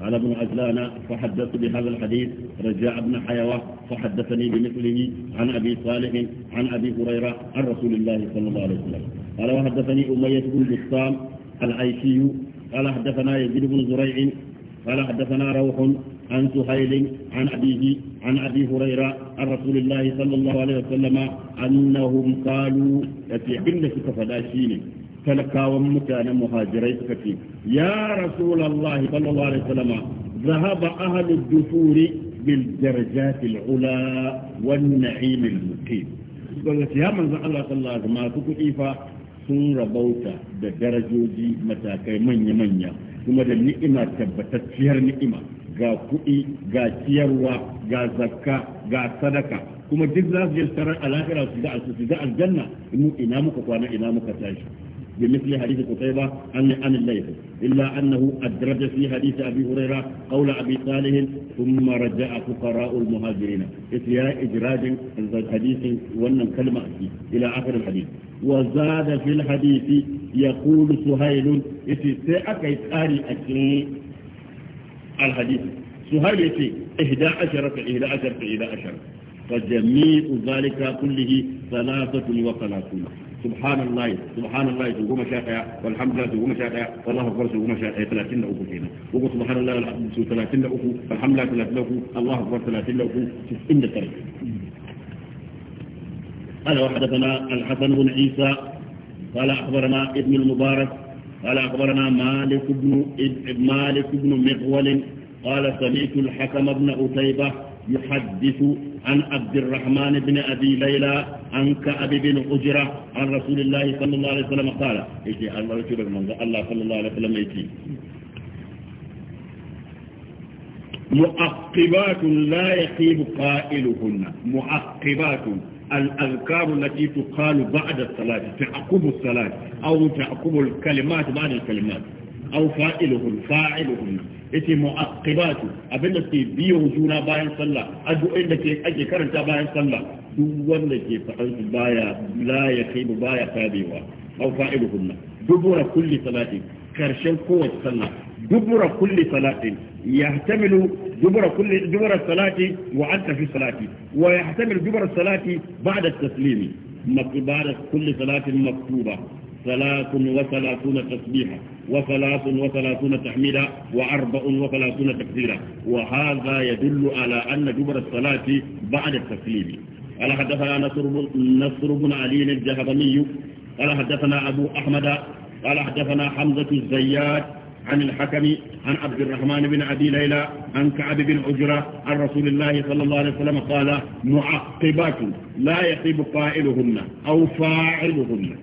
قال ابن عجلان فحدثت بهذا الحديث رجاء ابن حيوة فحدثني بمثله عن أبي صالح عن أبي هريرة عن رسول الله صلى الله عليه وسلم قال وحدثني أمية بن بسام العيشي قال حدثنا يزيد بن زريع قال حدثنا روح عن سهيل عن أبيه عن أبي هريرة عن رسول الله صلى الله عليه وسلم أنهم قالوا يتعبن كفداشين talakawan mutanen muhajirai suka ya rasulullah sallallahu alaihi wasallam zahaba ahlu dufuri bil darajat al ula na'im al muqim ya manzon Allah sallallahu masu kudi fa sun rabauta da darajoji matakai manya manya kuma da ni'ima tabbatacciyar ni'ima ga kuɗi ga ciyarwa ga zakka ga sadaka kuma duk za su yi a lahira su ga aljanna mu ina muka kwana ina muka tashi bi misli hadith qutayba an an layth illa annahu adraja fi hadith abi hurayra qawla abi salih thumma raja'a fuqara al muhajirin isya ijradin hadith wannan kalma ila akhir al وزاد في الحديث يقول سهيل يتي سي أكي تاري أكي الحديث سهيل يتي إهدى عشرة إهدى عشرة إهدى عشرة فجميع ذلك كله ثلاثة وثلاثون سبحان الله سبحان الله تقوم شاكا والحمد لله تقوم شاكا والله أكبر تقوم شاكا ثلاثين لأكو كينا وقل سبحان الله والحمد لله ثلاثين لأكو والحمد لله ثلاثين لأكو الله أكبر ثلاثين لأكو تسعين لترك قال وحدثنا الحسن بن عيسى قال أخبرنا ابن المبارك قال أخبرنا مالك بن مالك بن مغول قال سمعت الحكم بن أتيبة يحدث عن عبد الرحمن بن أبي ليلى عن كعب بن أجرة عن رسول الله صلى الله عليه وسلم قال إيجي الله رسول الله صلى الله عليه وسلم إيجي مؤقبات لا يخيب قائلهن مؤقبات الأذكار التي تقال بعد الصلاة تعقب الصلاة أو تعقب الكلمات بعد الكلمات أو فائلهم فاعلهم yace mu'aqqibatu abinda ke biyo juna bayan sallah addu'o'in da ke ake karanta bayan sallah duk wanda ke faɗan su baya la ya kai baya tabewa aw fa'iluhunna dubura kulli salati karshen kowace sallah دبر كل صلاة يحتمل دبر كل دبر الصلاة وأنت في الصلاة ويحتمل دبر الصلاة بعد التسليم بعد كل صلاة مكتوبة ثلاث وثلاثون تسبيحة وثلاث وثلاثون تحميدا وأربع وثلاثون تكبيرا وهذا يدل على أن دبر الصلاة بعد التسليم قال حدثنا نصر بن علي الجهضمي قال حدثنا أبو أحمد قال حدثنا حمزة الزيات عن الحكم عن عبد الرحمن بن أبي ليلى عن كعب بن عجرة عن رسول الله صلى الله عليه وسلم قال معقبات لا يقيب قائلهن أو فاعلهن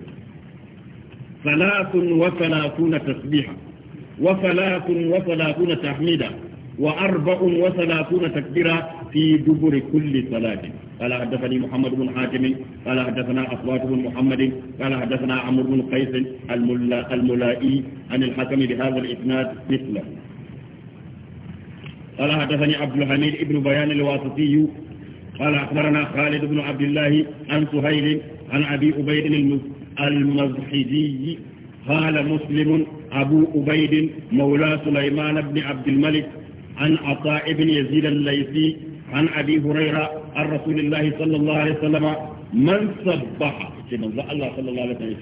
ثلاث وثلاثون تسبيحة وثلاث وثلاثون تحميدا وأربع وثلاثون تكبيرا في دبر كل صلاة قال حدثني محمد بن حاتم قال حدثنا أصوات بن محمد قال حدثنا عمرو بن قيس الملا الملائي عن الحكم بهذا الإسناد مثله قال حدثني عبد الحميد بن بيان الواسطي قال أخبرنا خالد بن عبد الله عن سهيل عن أبي أبيد المزحجي قال مسلم أبو أبيد مولى سليمان بن عبد الملك عن عطاء بن يزيد الليثي عن أبي هريرة عن رسول الله صلى الله عليه وسلم من سبح من الله صلى الله عليه وسلم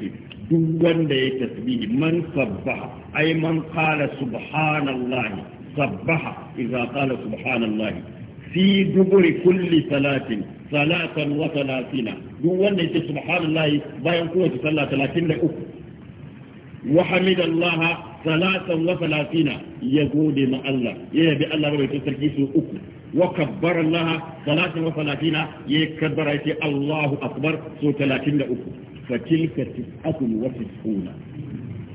دون تسبيح من سبح أي من قال سبحان الله سبح إذا قال سبحان الله في دبر كل صلاة صلاة وثلاثين دون سبحان الله بين قوة صلاة ثلاثين أخرى وحمد الله ثلاثا وثلاثين يقول مع الله يبي الله ويتسرقه أخرى وكبر الله ثلاثا وثلاثين يكبر يتي الله أكبر سو ثلاثين لأكو فتلك تسعة وتسعون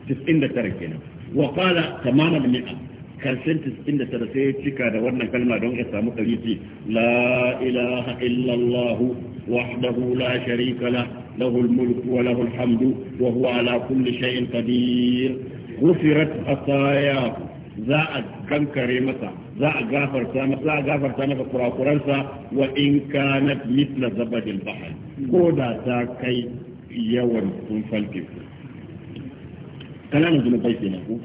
تسعين تركنا وقال تمام المئة karshen 99 sai ya cika da wannan kalma don ya samu ɗariti la ilaha illallah wahdahu la la lahu wa lahu alhamdu wa huwa ala kulli shay'in qadir ghufirat za a kankare masa za a gafarta masa za a gafarta masa kurakuransa wa in kanat mithla zabadin bahr ko da ta kai yawan tsunfan teku kananan zunubai kenan ko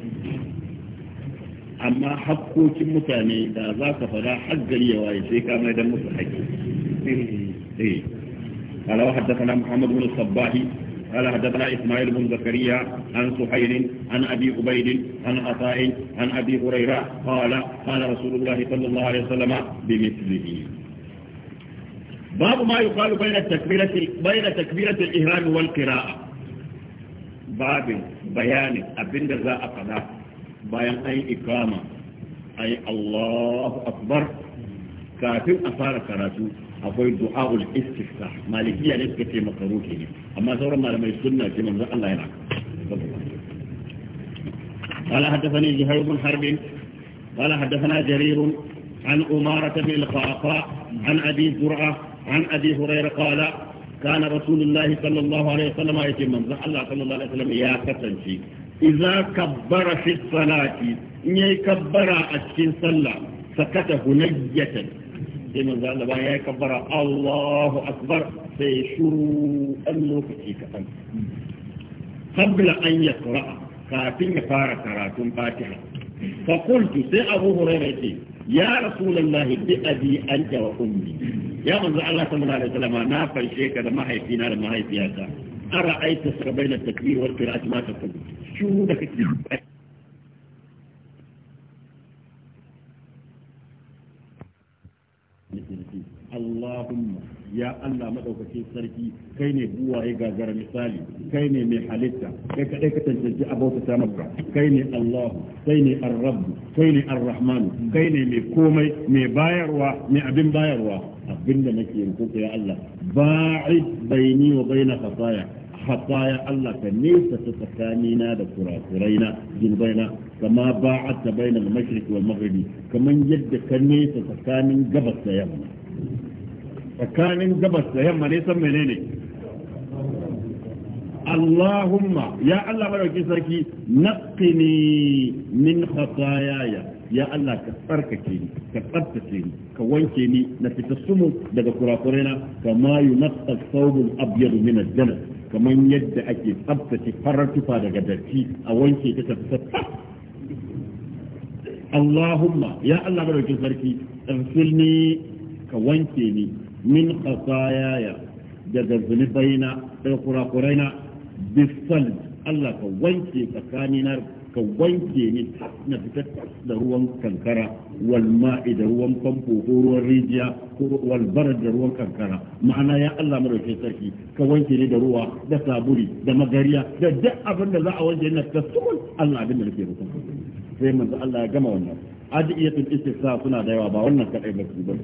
amma hakkokin mutane da za ka fada har ya waye sai ka mai dan musu haƙƙi قال وحدثنا محمد بن الصباح قال حدثنا إسماعيل بن زكريا عن سحيل عن أبي عبيد عن عطاء عن أبي هريرة قال قال رسول الله صلى الله عليه وسلم بمثله باب ما يقال بين التكبيرة بين تكبيرة الإهرام والقراءة باب بيان أبن ذا أقدا بيان أي إقامة أي الله أكبر كافر أفار كراتو akwai du'a'ul istiftah malikiya ne suka ce makaruhi ne amma sauran malamai sunna ce manzo Allah yana قال حدثني زهير بن حرب قال حدثنا جرير عن أمارة بن القعقاع عن أبي زرعة عن أبي هريرة قال كان رسول الله صلى الله عليه وسلم يتم من الله صلى الله عليه وسلم يا كتنشي إذا كبر في الصلاة إني كبر أشكين صلى سكت هنية sai manzo Allah ba ya kabbara Allahu akbar sai shuru an lokaci kaɗan qabla an yaqra kafin ya fara karatun Fatiha fa sai Abu Hurairah ce ya rasulullahi bi abi anta wa ummi ya manzo Allah sallallahu alaihi wasallam na farshe ka da mahaifina da mahaifiyata ara aita sabaina takbir wa qira'at ma taqul shuru da kake da sarki Allahumma ya Allah madaukakin sarki kai ne buwa ya gagara misali kai ne mai halitta kai ka ɗaya ka tantance abota ta maka kai ne Allah kai ne Ar-Rabbu kai ne Ar-Rahman kai ne mai komai mai bayarwa mai abin bayarwa abinda nake yin kuka ya Allah ba'id baini wa baina khataya khataya Allah ka nesa ta tsakanina da kurakuraina jin baina kama ba'atta bainal mashriq wal maghribi kaman yadda ka nesa tsakanin gabas tsakanin gabas da ne san menene Allahumma ya Allah madauki sarki naqini min khataayaya ya Allah ka tsarkake ni ka tsabtace ni ka wanke ni na fita sumu daga kurakuraina kama yunqqa thawbul abyad min ad-dam yadda ake tsabtace farar tufa daga datti a wanke ta Allahumma ya Allah madaukin sarki tsarfilni ka wanke ni min khasayaya daga zunubaina na kurakuraina bisal Allah ka wanke tsakanina ka wanke ni na fitar da ruwan kankara wal ma'i da ruwan famfo ko ruwan rijiya ko wal da ruwan kankara ma'ana ya Allah madaukin sarki ka wanke ni da ruwa da saburi da magariya da duk abin da za a wanke ni ka Allah abin da nake sai manzo Allah ya gama wannan adiyatul istifsa suna da yawa ba wannan kadai ba su ba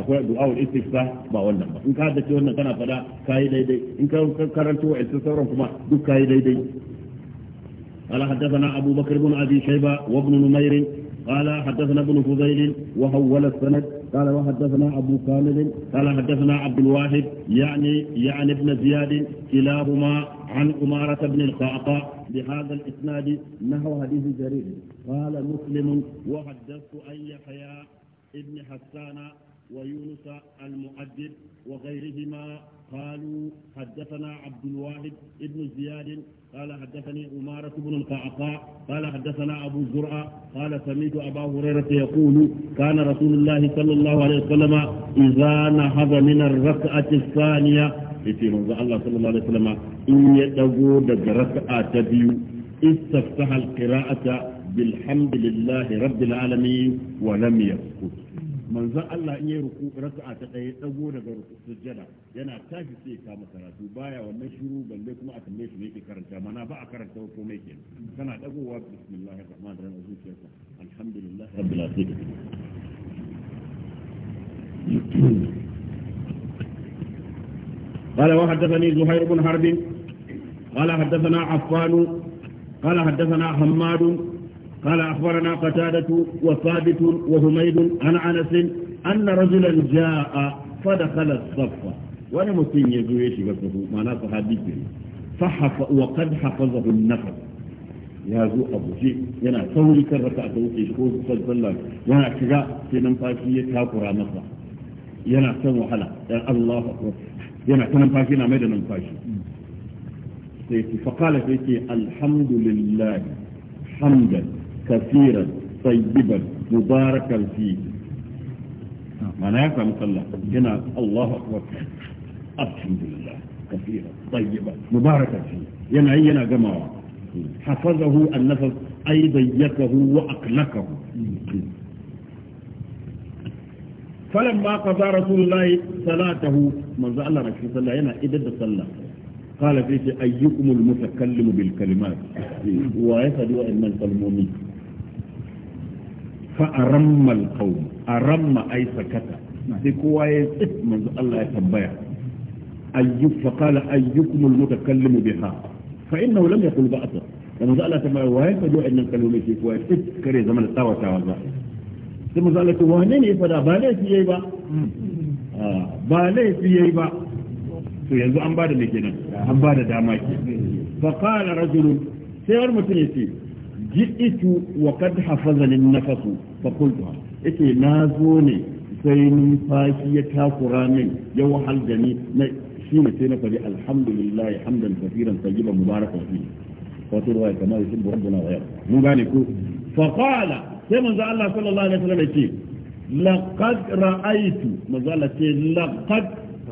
akwai du'aul istifsa ba wannan ba in ka da wannan kana fada kai daidai in ka karanto wa sauran kuma duk kai daidai قال حدثنا أبو بكر بن أبي شيبة وابن نمير قال حدثنا ابن فضيل وهول السند قال وحدثنا أبو كامل قال حدثنا عبد الواحد يعني يعني ابن زياد كلاهما عن أمارة بن القعقاع بهذا الإسناد نحو حديث جرير قال مسلم وحدثت أن يحيى ابن حسان ويونس المؤدب وغيرهما قالوا حدثنا عبد الواحد ابن زياد قال حدثني أمارة بن القعقاع قال حدثنا أبو زرعة قال سمعت أبا هريرة يقول كان رسول الله صلى الله عليه وسلم إذا نهض من الركعة الثانية في الله صلى الله عليه وسلم إن يدعو ركعة بيو استفتح القراءة بالحمد لله رب العالمين ولم يسكت manzon Allah in yi ruku raka'a ta ɗaya dago daga sujjada yana tashi sai ya kama karatu baya wannan shiru balle kuma a tambaye shi ne yake karanta mana ba a karanta ko mai kenan kana dagowa bismillahir rahmanir rahim zuciyarsa alhamdulillah rabbil alamin قال وحدثني زهير بن حرب قال حدثنا عفان قال حدثنا حماد قال أخبرنا قتادة وثابت وهميد عن أنس أن رجلا جاء فدخل الصف وأنا يزويش بسه معناه صحابي فحف وقد حفظه النفس ya zo a buke yana sauri kan raka a wuce shi ko sallallahu yana shiga sai numfashi ya takura masa yana son wahala yana ta numfashi yana mai da numfashi sai ki faqala alhamdulillah كثيرا طيبا مباركا فيه معنى يفهم صلى هنا الله أكبر الحمد لله كثيرا طيبا مباركا فيه هنا هنا جماعة حفظه النفس أي ضيقه وأقلقه فلما قضى رسول الله صلاته من زال الله صلى الله هنا إذا صلى قال فيه أيكم المتكلم بالكلمات ويسأل وإن من فأرم القوم أرم أي سكت سيكوا يسئ من الله يتبايا أيوب فقال أيكم المتكلم بها فإنه لم يقل بأسا لما زال تما وهي فجوا إن الكلمة في يسئ كري زمن التاوى تاوى ثم زالت وهنين يفدا بالي سيئي با بالي في با to yanzu an ba da mai kenan an ba da dama ke fa ji'itu wa qad hafazani nafasu fa qultuha yace na zo ne sai numfashi ya takura min ya wahal da ni na shine sai na faɗi alhamdulillah hamdan kafiran tayyiban mubarakan fi wato ruwaya kamar yake rabbuna wa yarda mun gane ko fa qala sai manzo Allah sallallahu alaihi wasallam yace laqad ra'aytu manzo Allah ce laqad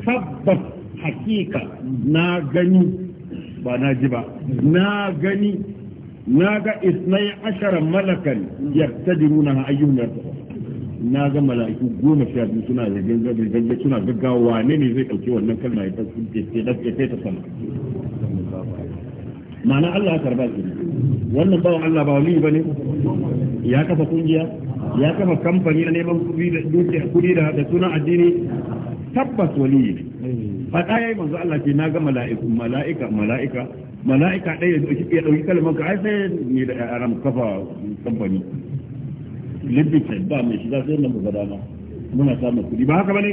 tabbat hakika na gani ba na ji ba na gani naga isnai ashara malakan yaqtadiruna ayyuhum yartaqa na ga mala'iku goma sha biyu suna zagin zagin suna gaggawa wane ne zai ɗauki wannan kalma ya kai ta sama ma'ana Allah ya karba shi wannan bawan Allah ba ba ne ya kafa kungiya ya kafa kamfani na neman kuɗi da suna addini tabbas wani ne faɗa yayi manzo Allah ce na ga mala'iku mala'ika mala'ika mala'ika ɗaya ya ɗauki kalmar ka ai sai ni da aram kafa kamfani libbice ba mai shiga sai nan ba dama muna samun kuɗi ba haka bane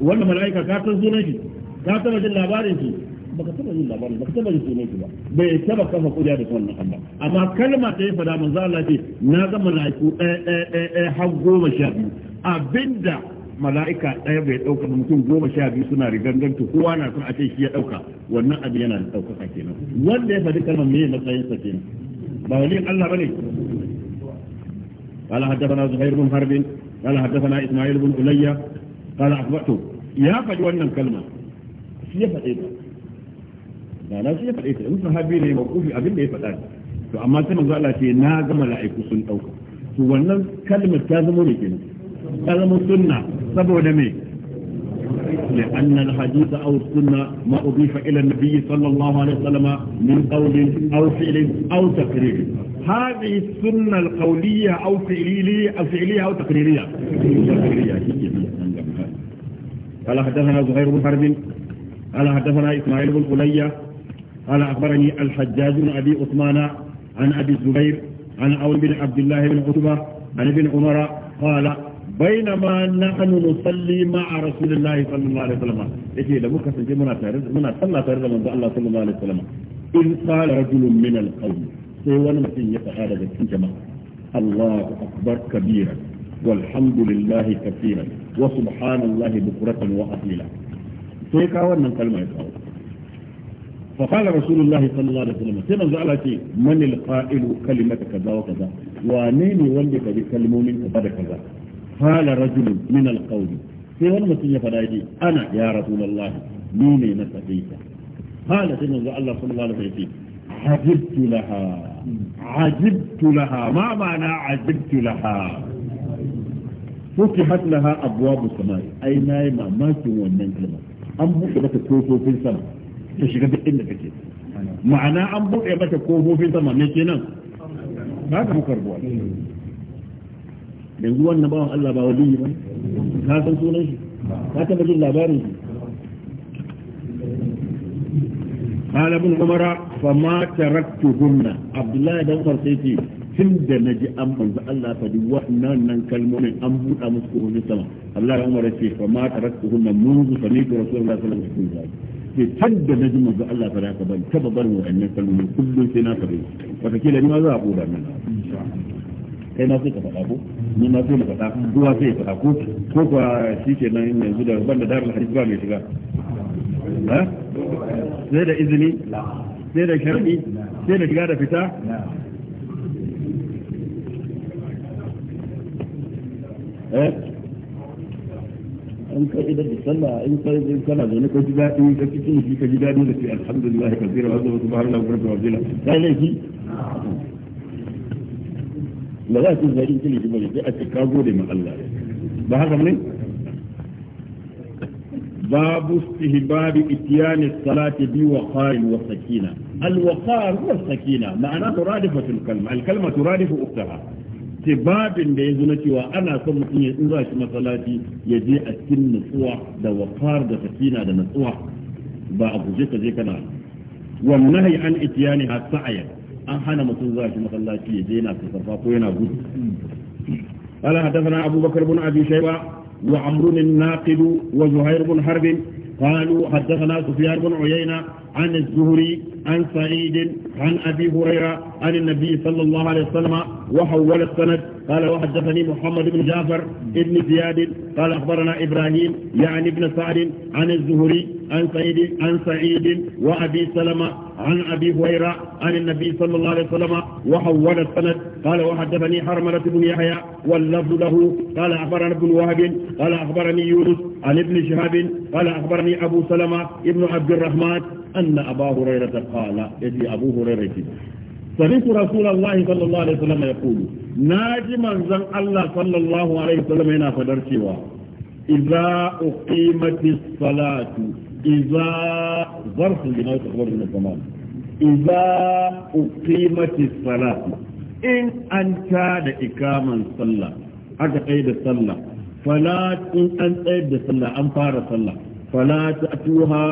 wannan mala'ika ka san sunan shi ka taba jin labarin shi baka taba jin labarin baka taba jin sunan shi ba bai taba kafa kuriya da wannan Allah amma kalma ta yi fada manzo Allah ce na ga mala'iku ɗaya ɗaya ɗaya har goma sha biyu abinda mala'ika ɗaya bai ɗauka mutum goma sha biyu suna rigangantu kowa na son a ce shi ya ɗauka wannan abin yana da ɗaukaka kenan wanda ya faɗi kalmar me matsayin sa kenan ba wani Allah bane قال حدثنا bin بن حرب قال حدثنا Isma'il bin ulayya قال اخبرته ya faɗi wannan kalma shi ya faɗe ta da na shi ya faɗe ta in sahabi ne kufi abin da ya faɗa to amma sai manzo Allah ce na ga mala'iku sun ɗauka to wannan kalmar ta zama ne kenan ta zama sunna saboda me لأن الحديث أو السنة ما أضيف إلى النبي صلى الله عليه وسلم من قول أو فعل أو تقرير هذه السنة القولية أو فعلية أو فعلية أو تقريرية تقريرية قال حدثنا زهير بن حرب قال حدثنا إسماعيل بن قلية قال أخبرني الحجاج بن أبي عثمان عن أبي الزبير عن أول بن عبد الله بن عتبة عن ابن عمر قال bainama nahnu nusalli ma'a rasulillahi sallallahu alaihi wasallam yake da muka sanje muna tare muna sallah tare da manzo Allah sallallahu alaihi wasallam in qala rajulun sai wani mutum ya faɗa daga cikin jama'a Allahu akbar kabira walhamdulillahi kaseeran wa subhanallahi bukratan wa asila sai ka wannan kalma ya kawo فقال رسول الله صلى الله عليه وسلم سيما زعلتي من القائل كلمة كذا وكذا وانيني ولك بكلمومين كذا كذا qala rajulun min al sai wani mutum ya fada ji ana ya rasulullahi ni ne na sadaita qala sai manzo Allah sallallahu alaihi wasallam hajibtu laha ajibtu laha ma ma'ana ajibtu laha futihat laha abwabu samai ai nayi mamakin wannan kalma an buɗe mata kofofin sama ta shiga duk inda take ma'ana an buɗe mata kofofin sama me kenan ba ka muka rubuwa yanzu wannan bawan Allah ba wani ba ka san sunan shi ka taba jin labarin shi قال ابن عمر فما تركتهن عبد الله بن عمر سيتي tun da na ji an manzo Allah fadi waɗannan kalmomin an buɗa musu kuhun sama Allah ya umar ce fa ma taraktu hunna munzu fa ni to rasulullahi sallallahu alaihi wasallam ce tun da na ji manzo Allah fadi haka ban taba barin waɗannan kalmomin kullum sai na fadi wata kila ni ma za a kai na sai ka faɗa ko ni ma sai na faɗa kowa sai ya faɗa ko ko kuwa shi ke nan yanzu da da darul hadis ba mai shiga ha sai da izini sai da sharbi sai da shiga da fita eh? ka idan da sallah in ka idan kana zaune ka ji daɗi ka shi ka ji daɗi da alhamdulillah ka zira laifi ba za su zari kili ji bane sai a ce ka gode ma Allah ba haka ne babu istihbabi itiyani salati bi waqar wa sakina al waqar wa sakina ma'ana turadifatu al kalma al kalma turadifu uktaha ce babin da ya zuna cewa ana son mutum ya in za shi masallaci ya je a cikin nutsuwa da waqar da sakina da nutsuwa ba a guje ka je kana wannan hay an itiyani ha sa'ayan an hana mutum zuwa shi masallaci ya je yana kasafa ko yana gudu قال حدثنا أبو بكر بن أبي شيبة وعمر الناقد وزهير بن حرب قالوا حدثنا سفيان بن عيينة عن الزهري عن سعيد عن أبي هريرة عن النبي صلى الله عليه وسلم وحول السند قال وحدثني محمد بن جعفر بن زياد قال أخبرنا إبراهيم يعني ابن سعد عن الزهري عن سعيد عن سعيد وأبي سلمة عن أبي هريرة عن النبي صلى الله عليه وسلم وحول السند قال وحدثني حرملة بن يحيى واللفظ له قال أخبرنا ابن وهب قال أخبرني يونس عن ابن شهاب قال أخبرني أبو سلمة ابن عبد الرحمن أن أبا هريرة قال يجي أبو هريرة سمعت رسول الله صلى الله عليه وسلم يقول ناجما زن الله صلى الله عليه وسلم هنا فدرتي إذا أقيمت الصلاة إذا ظرف لما يتخبر من الزمان إذا أقيمت الصلاة إن أنت إقاما صلى أتى قيد الصلاة فلا إن أنت قيد الصلاة أنفار الصلاة فلا تأتوها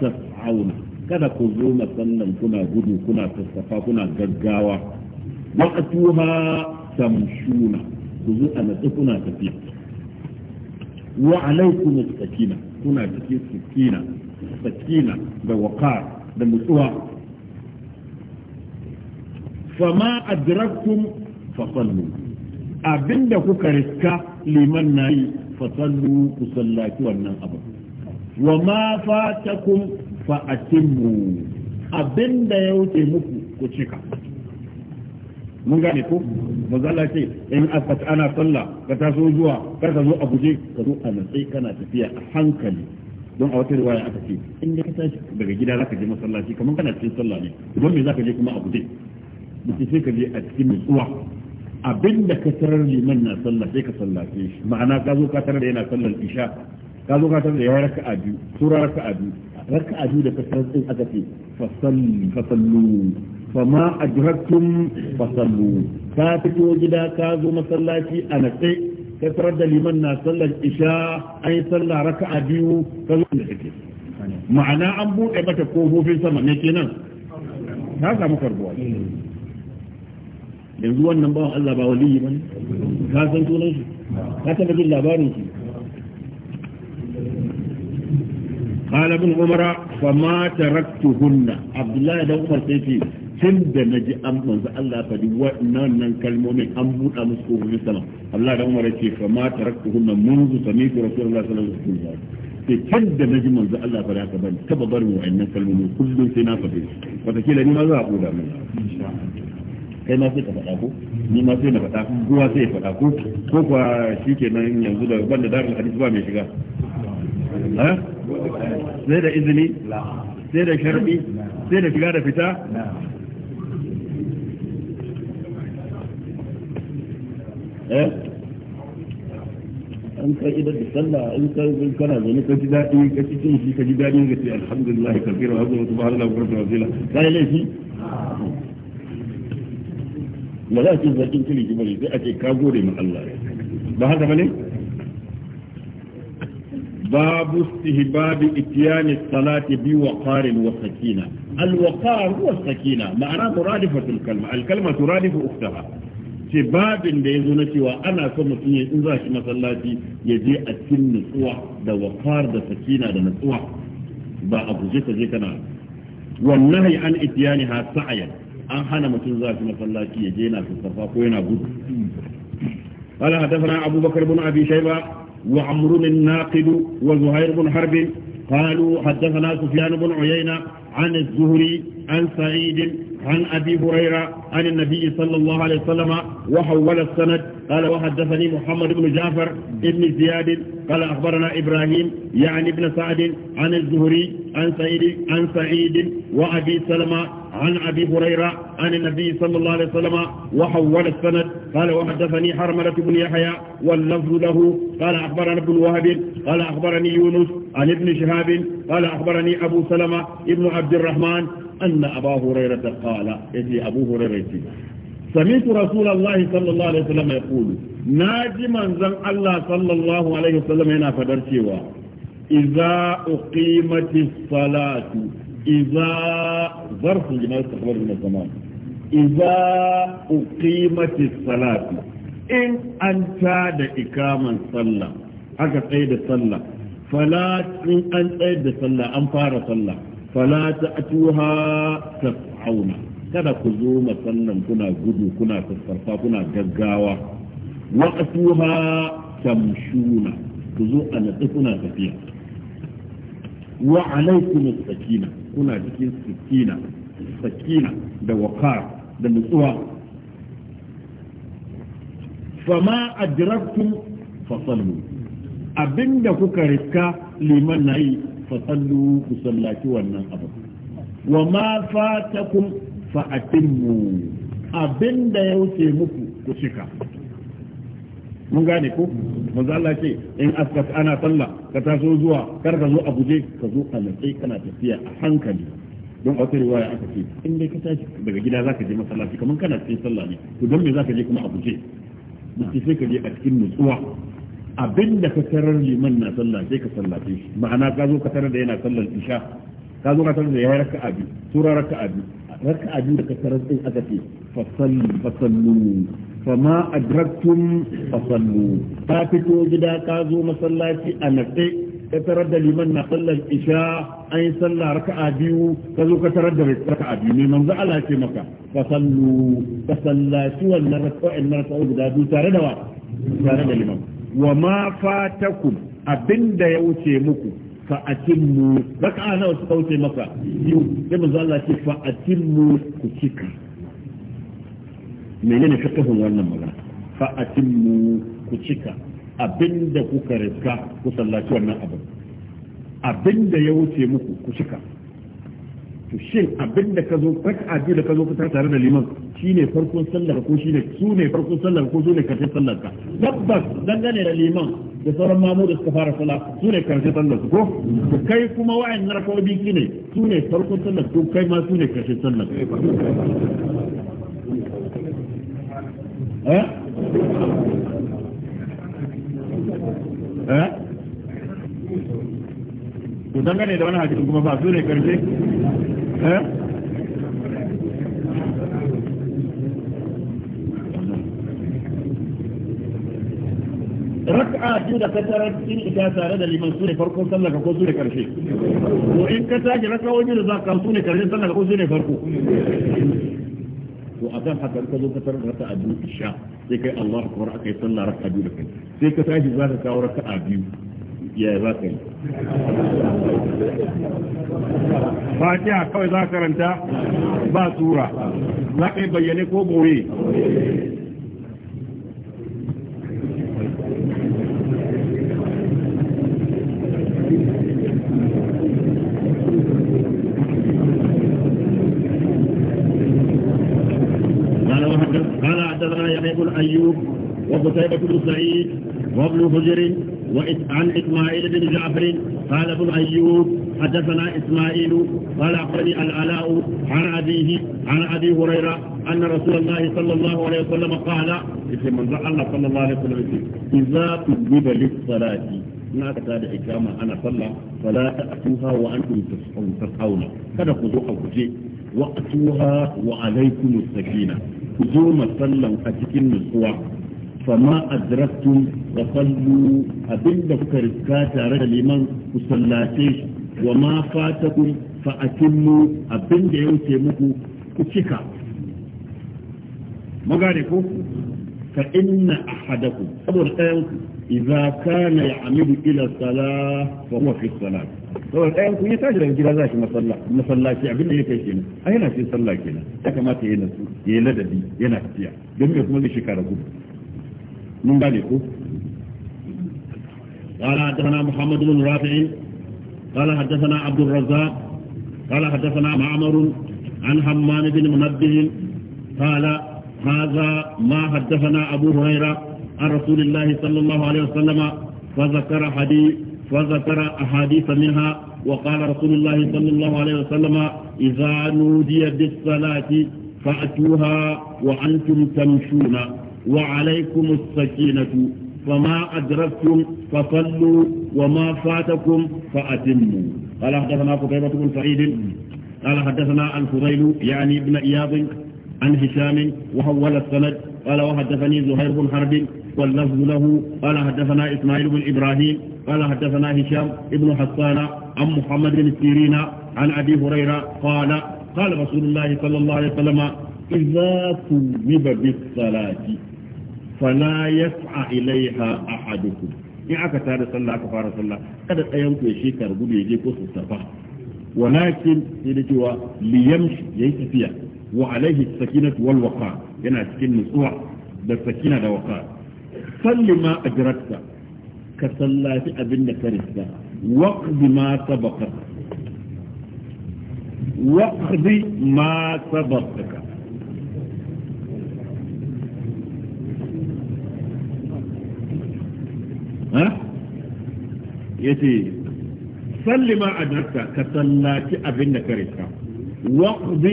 تسعون kada ku zo masallan kuna gudu kuna sassafa kuna gaggawa wa atuha tamshuna ku zo a natsu kuna tafiya wa alaikum sakina kuna cikin sakina sakina da waqar da nutsuwa fama adraktum fasallu abinda kuka riska liman nayi fasallu ku sallaki wannan abu wa ma fatakum fa atimmu abinda ya wuce muku ku cika mun gane ko mazala ce in aka ana sallah ka taso zuwa ka zo a guje ka zo a natsi kana tafiya a hankali don a wata riwaya aka ce in da ka tashi daga gida zaka je masallaci kamar kana cikin sallah ne don me zaka je kuma a guje mutum sai ka je a cikin nutsuwa abinda ka tarar liman na sallah sai ka sallace shi ma'ana ka zo ka tarar da yana sallar isha ka zo ka tarar da yawa raka'a biyu sura raka'a biyu a biyu da ka tarar din aka ce fasallu fasallu fama ajraktum fasallu ka fito gida ka zo masallaci a natsaye ya tarar da liman na sallar isha an yi sallah a biyu ka da take ma'ana an buɗe mata kofofin sama ne kenan ta samu karbuwa yanzu wannan bawan Allah ba waliyi bane ka san sunan shi ka taba jin labarin shi قال ابن عمر فما تركتهن عبد الله بن عمر سيتي tun da na ji an manzo Allah faɗi waɗannan nan kalmomin an buɗa musu ko kofofin sama Allah da Umar ce fa ma taraktuhum munzu sami'tu Rasulullah sallallahu alaihi wasallam sai tun da na ji manzo Allah faɗi haka ban taɓa bar mu waɗannan kalmomin kullum sai na faɗi wataƙila ni ma za a koda mun kai ma sai ka faɗa ko ni ma sai na faɗa kowa sai ya faɗa ko ko kuwa kwa shikenan yanzu da banda darul hadisi ba mai shiga sai da izini sai da sharbi sai da shiga da fita Eh? an ka idan da sallah in ka bin kana zo ka ji daɗi ka ci cin shi ka ji daɗi ka ce alhamdulillah kabiru hazu wa subhanallah wa rabbil azila kai laifi ba za a ce zakin kiri ki bane sai a ce ka gode ma Allah ba haka ne. babu istihbabi itiyani salati bi waqarin wa sakina al waqar huwa sakina ma'ana turadifatul kalma al kalma turadifu ukhtaha ce babin da ya zo na cewa ana son mutum ya in za shi masallaci ya je a cikin nutsuwa da wakar da sakina da nutsuwa ba a guje ka je kana wannan hay an itiyani ha sa'ayan an hana mutum za shi masallaci ya je yana sassafa ko yana gudu قال حدثنا أبو بكر بن أبي شيبة وعمر الناقد وزهير بن حرب قالوا حدثنا سفيان بن عيينة عن الزهري عن سعيد عن أبي هريرة عن النبي صلى الله عليه وسلم وحول السند قال وحدثني محمد بن جعفر بن زياد قال أخبرنا إبراهيم يعني ابن سعد عن الزهري عن سعيد عن سعيد وأبي سلمة عن أبي هريرة عن النبي صلى الله عليه وسلم وحول السند قال وحدثني حرملة بن يحيى واللفظ له قال أخبرنا ابن وهب قال أخبرني يونس عن ابن شهاب قال أخبرني أبو سلمة ابن عبد الرحمن أن أبا هريرة قال يجي أبو هريرة سمعت رسول الله صلى الله عليه وسلم يقول ناجما زن الله صلى الله عليه وسلم هنا فدرتيوا إذا أقيمت الصلاة إذا ظرف جمال استقبال من الزمان إذا أقيمت الصلاة إن أنت إقاما صلى haka tsaye da sallah fala in an tsaye da sallah an fara sallah fala ta'tuha tas'auna kada ku zo masallan kuna gudu kuna sassarfa kuna gaggawa wa atuha tamshuna ku zo a natsi kuna tafiya wa alaikum sakina kuna cikin sakina sakina da waqar da nutsuwa fama adraktum sallu abinda kuka riska liman nayi fasallu ku sallaki wannan abu wa ma fatakum fa atimmu abinda ya wuce muku ku cika mun gane ko manzo Allah ce in aska ana sallah ka taso zuwa kar ka zo a guje ka zo a natsi kana tafiya a hankali don a riwaya aka ce in dai ka tashi daga gida zaka je masallaci kaman kana cikin sallah ne to don me zaka je kuma a guje sai ka je a cikin nutsuwa abin da ka tarar liman na sallah sai ka sallace shi ma'ana ka zo ka tarar da yana sallar isha ka zo ka tarar da ya raka abi tura raka abi raka abi da ka tarar din aka ce fasallu fasallu fama adraktum fasallu ka fito gida ka zo masallaci a natse ka tarar da liman na sallar isha an yi sallah raka'a biyu ka zo ka tarar da raka'a biyu ne manzo Allah ce maka fasallu fasallaci wannan raka'a guda biyu tare da wa tare da liman wa ma fatakum abinda ya wuce muku fa atimmu baka ana wasu wuce maka biyu sai manzo Allah ce fa atimmu ku cika menene tafin wannan magana fa atimmu ku cika abinda kuka riska ku sallaci wannan abin abinda ya wuce muku ku cika to shin abin da ka zo raka'a biyu da ka zo fitar tare da liman shine farkon sallar ko shine su ne farkon sallar ko su ne karshen sallar ka tabbas dangane da liman da sauran mamu da suka fara sallah su ne karshen sallar ko kai kuma wa'annan rakawobi su ne su ne farkon sallar ko kai ma su ne karshen sallar eh? eh to dangane da wani hadisin kuma ba su ne karshe ها raka'a biyu da ka tarar in ita tare da liman su ne farkon sallar ka ko su ne karshe to in ka tashi raka'o'i da za ka su ne karshen sallar ka ko su ne farko to akan haka ka zo ka tarar raka'a biyu isha sai kai Allah akbar akai sallar raka'a biyu da kai sai ka tashi za ka kawo raka'a biyu ya za ka yi fatiha kawai za karanta ba sura za ka yi bayyane ko boye قال يحيى بن ايوب وقتيبة بن سعيد وابن حجر وعن اسماعيل بن جعفر قال ابن أيوب حدثنا إسماعيل قال أخبرني الألاء عن أبيه عن أبي هريرة أن رسول الله صلى الله عليه وسلم قال إذا من الله صلى الله عليه وسلم إذا كذب للصلاة ما تابع إكرامة أنا صلى فلا تأتوها وأنتم تسعون كذا خذوا أو شيء وأتوها وعليكم السكينة خذوا مسلم أتكن السواق fama adraktum wa sallu abinda kuka riska tare da liman ku sallace shi wa ma fatakum fa atimmu abinda ya wuce muku ku cika magare ko fa inna ahadakum saboda ɗayan ku idza kana ya'midu ila salah fa huwa fi salat saboda ɗayan ku ya tashi daga gida za shi masallaci abinda ya kenan yana ya kamata ya ya ladabi yana tafiya don me kuma zai shika da gudu من ذلك قال حدثنا محمد بن رافع قال حدثنا عبد الرزاق قال حدثنا معمر عن حمام بن منبه قال هذا ما حدثنا أبو هريرة عن رسول الله صلى الله عليه وسلم فذكر حديث وذكر أحاديث منها وقال رسول الله صلى الله عليه وسلم إذا نودي بالصلاة فأتوها وأنتم تمشون وعليكم السكينة فما أدركتم فصلوا وما فاتكم فأتموا قال حدثنا قتيبة بن سعيد قال حدثنا الفضيل يعني ابن إياض عن هشام وحول السند قال وحدثني زهير بن حرب واللفظ له قال حدثنا إسماعيل بن إبراهيم قال حدثنا هشام ابن حسان عن محمد بن سيرين عن أبي هريرة قال قال رسول الله صلى الله عليه وسلم إذا ثوب بالصلاة fala yas'a ilaiha ahadukum in aka tada sallah aka fara sallah kada tsayan ku ya shekar gudu ya je ko su safa walakin sai da cewa ya yayi tafiya wa alaihi sakinatu wal waqa yana cikin nutsuwa da sakina da waqa salli ma ajratka ka sallafi abinda ka riska waqdi ma sabaqa waqdi ma ya ce salli ma adraka ka sallaci abin da ka riska waqdi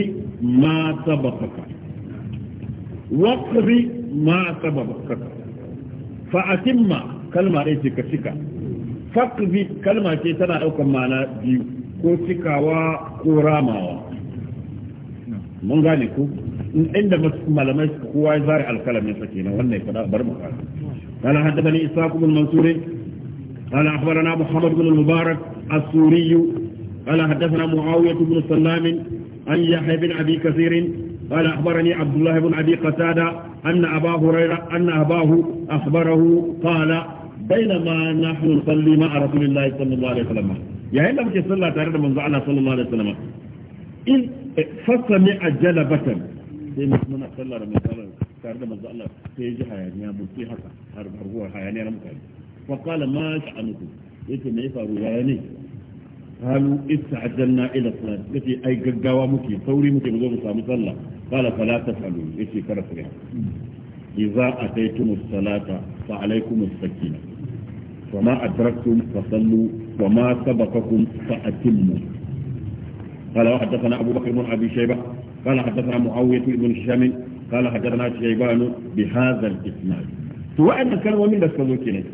ma sababaka waqdi ma sababaka fa atimma kalma ɗaya ce ka cika faqdi kalma ce tana ɗaukar ma'ana biyu ko cikawa ko ramawa mun gane ku inda malamai kowa ya zari alkalamin sa kenan wannan ya fada bar mu قال حدثني إسحاق بن منصور قال أخبرنا محمد بن المبارك السوري قال حدثنا معاوية بن سلام عن يحيى بن أبي كثير قال أخبرني عبد الله بن أبي قتادة أن أبا هريرة أن أباه أخبره قال بينما نحن نصلي مع رسول الله صلى الله عليه وسلم يا إلا بك صلى تعالى من زعل صلى الله عليه وسلم إن فسمع جلبة سيما صلى الله عليه وسلم tare da manzo Allah sai ya ji hayaniya ba sai haka har harguwar hayaniya na mutane fa qala ma sha'anukum yace me ya faru yaya ne halu ista'ajjalna ila salat yace ai gaggawa muke sauri muke zo mu samu sallah qala fala tasalu yace kada ku idza ataytumus salata fa alaykumus sakina وما أدركتم فصلوا وما سبقكم فأتموا قال وحدثنا أبو بكر بن أبي شيبة قال حدثنا معاوية بن هشام قال حدثنا شيبان بهذا الاسناد to wa'annan kalmomin da suka zo kenan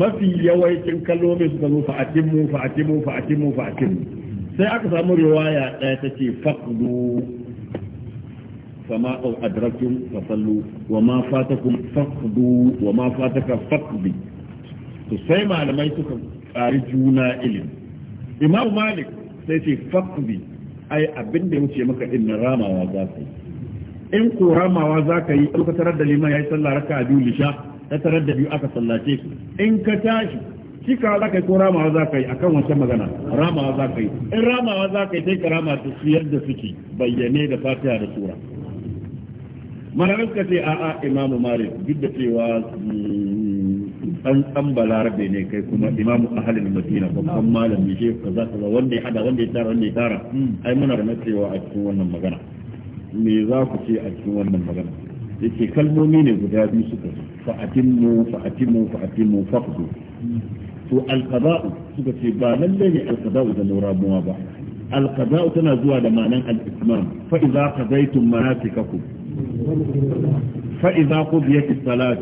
mafi yawancin kalmomin suka zo fa'atimu fa'atimu fa'atimu sai aka samu riwaya ɗaya ta ce faqdu fama au adrakum fa sallu wa ma fatakum faqdu wa ma fataka faqdi to sai malamai suka ƙari juna ilimi imam malik sai ce faqdi ai abin da ya wuce maka din ramawa za ka yi in ko ramawa za ka yi ka tarar da liman ya yi sallah raka a biyu lisha ta tarar da biyu aka sallace ki in ka tashi shi ka za ka yi ko ramawa za ka yi akan wancan magana ramawa za ka yi in ramawa za ka yi sai ka rama ta su yadda suke bayyane da fatiha da sura malamai suka ce a'a imamu malik duk da cewa tsantsan mm, balarabe ne kai kuma imamu ahalin madina babban malam ne shi kaza kaza wanda ya hada wanda ya tara wanda ya tara hmm. ai muna da na cewa a cikin wannan magana me za ku ce a cikin wannan magana yake kalmomi ne guda biyu suka fa'atimu fa'atimu fa'atimu faqdu to alqada'u suka ce ba lalle ne alqada'u da muwa ba alqada'u tana zuwa da ma'anan al-itmam fa idza qadaytum manasikakum fa idza qudiyat as-salat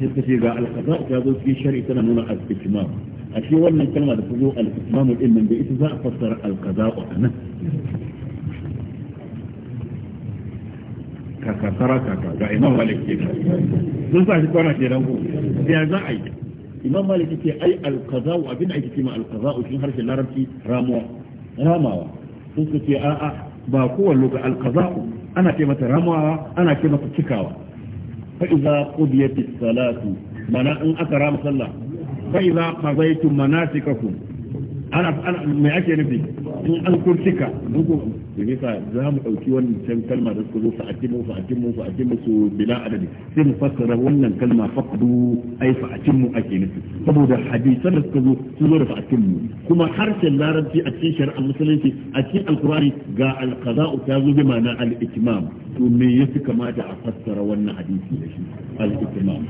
suka ce ga alqada'u ta zo fi shari'a tana nuna al-itmam a cikin wannan kalma da ta zo al-itmam din nan da ita za a fassara alqada'u anan kaka tara kaka ga imam malik ke sun sa shi kwana ke nan ko ya za a yi imam malik ke ai alqaza'u abin da ake cewa alqaza'u shi harshen larabci ramuwa ramawa sun su ce a'a ba kowanne al alqaza'u ana ce mata ramawa ana ce mata cikawa fa idza qudiyatis salatu mana in aka rama sallah fa idza qadaytum manasikakum ana me ake nufi in an kurcika muku da nisa za mu ɗauki wannan can kalma da suka zo fa'atimu fa'atimu fa'atimu su bila adadi sai mu fassara wannan kalma faqdu ai fa'atimu ake nufi saboda hadisan da suka zo sun zo da fa'atimu kuma harshen larabci a cikin shari'ar musulunci a cikin alkurani ga alqada'u ta zo bi ma'ana al-itmam to me yake kamata a fassara wannan hadisi da shi al-itmam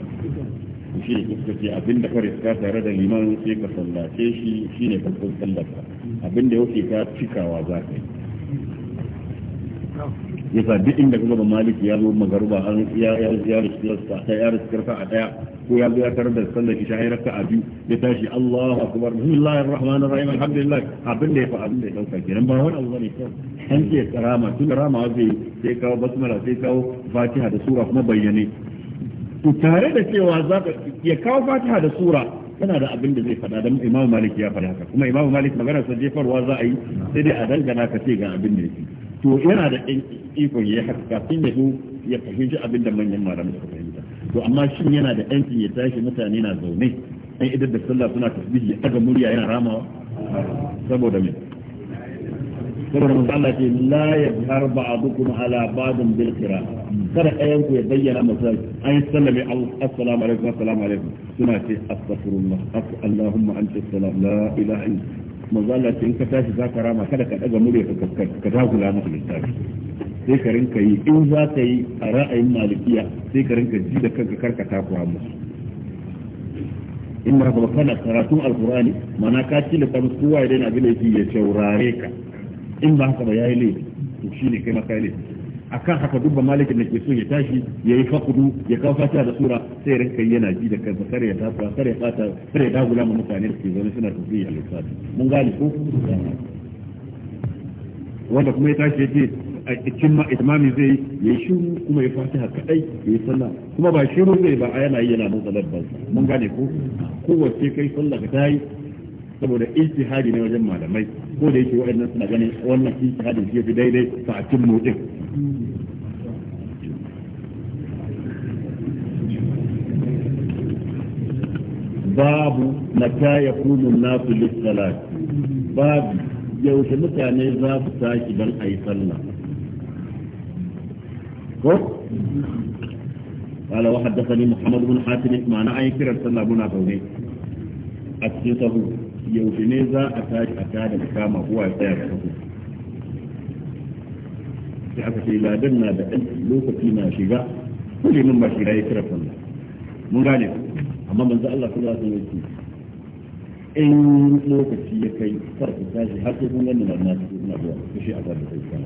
shi ne suka ce abinda ka riska tare da liman sai ka sallace shi shi ne farkon sallarka abinda yake ka cikawa za ka yi yasa duk inda ka gaba malik ya zo magaruba an ya ya ya riska ya riska a daya ko ya ya tare da sallar isha ya raka a biyu ya tashi Allahu akbar bismillahir rahmanir rahim alhamdulillah abinda ya fa abinda ya dauka kenan ba wani abu bane kawai an ce karama tun karama zai sai kawo basmala sai kawo fatiha da sura kuma bayyane to tare da cewa za ka ya kawo fatiha da sura yana da abin da zai faɗa dan imamu malik ya faɗa haka kuma imamu malik magana sa jefarwa za a yi sai dai a dangana ka ce ga abin da yake to yana da ikon ya haka kafin ya zo ya fahimci abin da manyan malamai suka fahimta to amma shin yana da yankin ya tashi mutane na zaune ai idan da sallah suna tasbihi ya daga murya yana ramawa saboda me kada mun Allah ce la yadhar ba'dukum ala ba'din bil qira kada ɗayan ku ya bayyana masa ai sallame assalamu alaikum assalamu alaikum suna ce astaghfirullah allahumma anta salam la ilaha illa manzo Allah ce in ka tashi zaka rama kada ka daga murya ka ka dagula masa littafi sai ka rinka yi in za ka yi a ra'ayin malikiya sai ka rinka ji da kanka karka takura musu in ba kana karatun alqurani mana ka ci da kan kowa ya daina abin da yake ya saurare ka in ba haka ba yayi laifi to ne kai maka laifi a kan haka duk ba malikin da ke so ya tashi ya yi fakudu ya kawo fata da tsura sai rinka yana ji da kai ba kare ya tafiya kare ya fata kare ya dagula ma mutane da ke zaune suna tafiya a lissafi mun gane ko wanda kuma ya tashi ya ce a cikin imami zai yi ya yi shiru kuma ya fata haka kadai ya yi sallah kuma ba shiru zai ba a yana yi yana motsa labbar mun gane ko kowace kai sallah ka ta yi saboda ijtihadi ne wajen malamai ko da yake waɗannan suna ganin wannan ijtihadin shi fi daidai a cin din babu mata ya kunu nasu lissalat babu yaushe mutane za su tashi don a yi sallah ko قال وحدثني محمد بن حاتم معنى أي كرة صلى الله عليه وسلم أتسيطه yaushe ne za a tashi a tada da kama kowa ya tsaya da kafu sai aka ce ladan na da ɗan lokaci na shiga kuli mun ba shiga ya kira sallah mun gane amma manzo Allah su za su yi ce in lokaci ya kai farko tashi har sai kun ganin na na zuwa su shi a ga da kai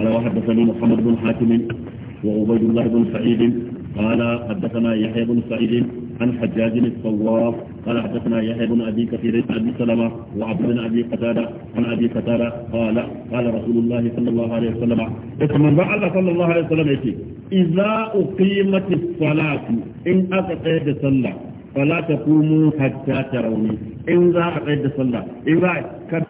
قال وحدثني محمد بن حاتم وعبيد الله بن سعيد قال حدثنا يحيى بن سعيد عن حجاج الصواف قال حدثنا يحيى بن ابي كثير عن ابي سلمه وعبد بن ابي قتاده عن ابي قتاده قال قال رسول الله صلى الله عليه وسلم اتمنى الله صلى الله عليه وسلم يتي اذا اقيمت الصلاه ان اقيمت الصلاه فلا تقوموا حتى تروني ان ذا قد صلى ان ذا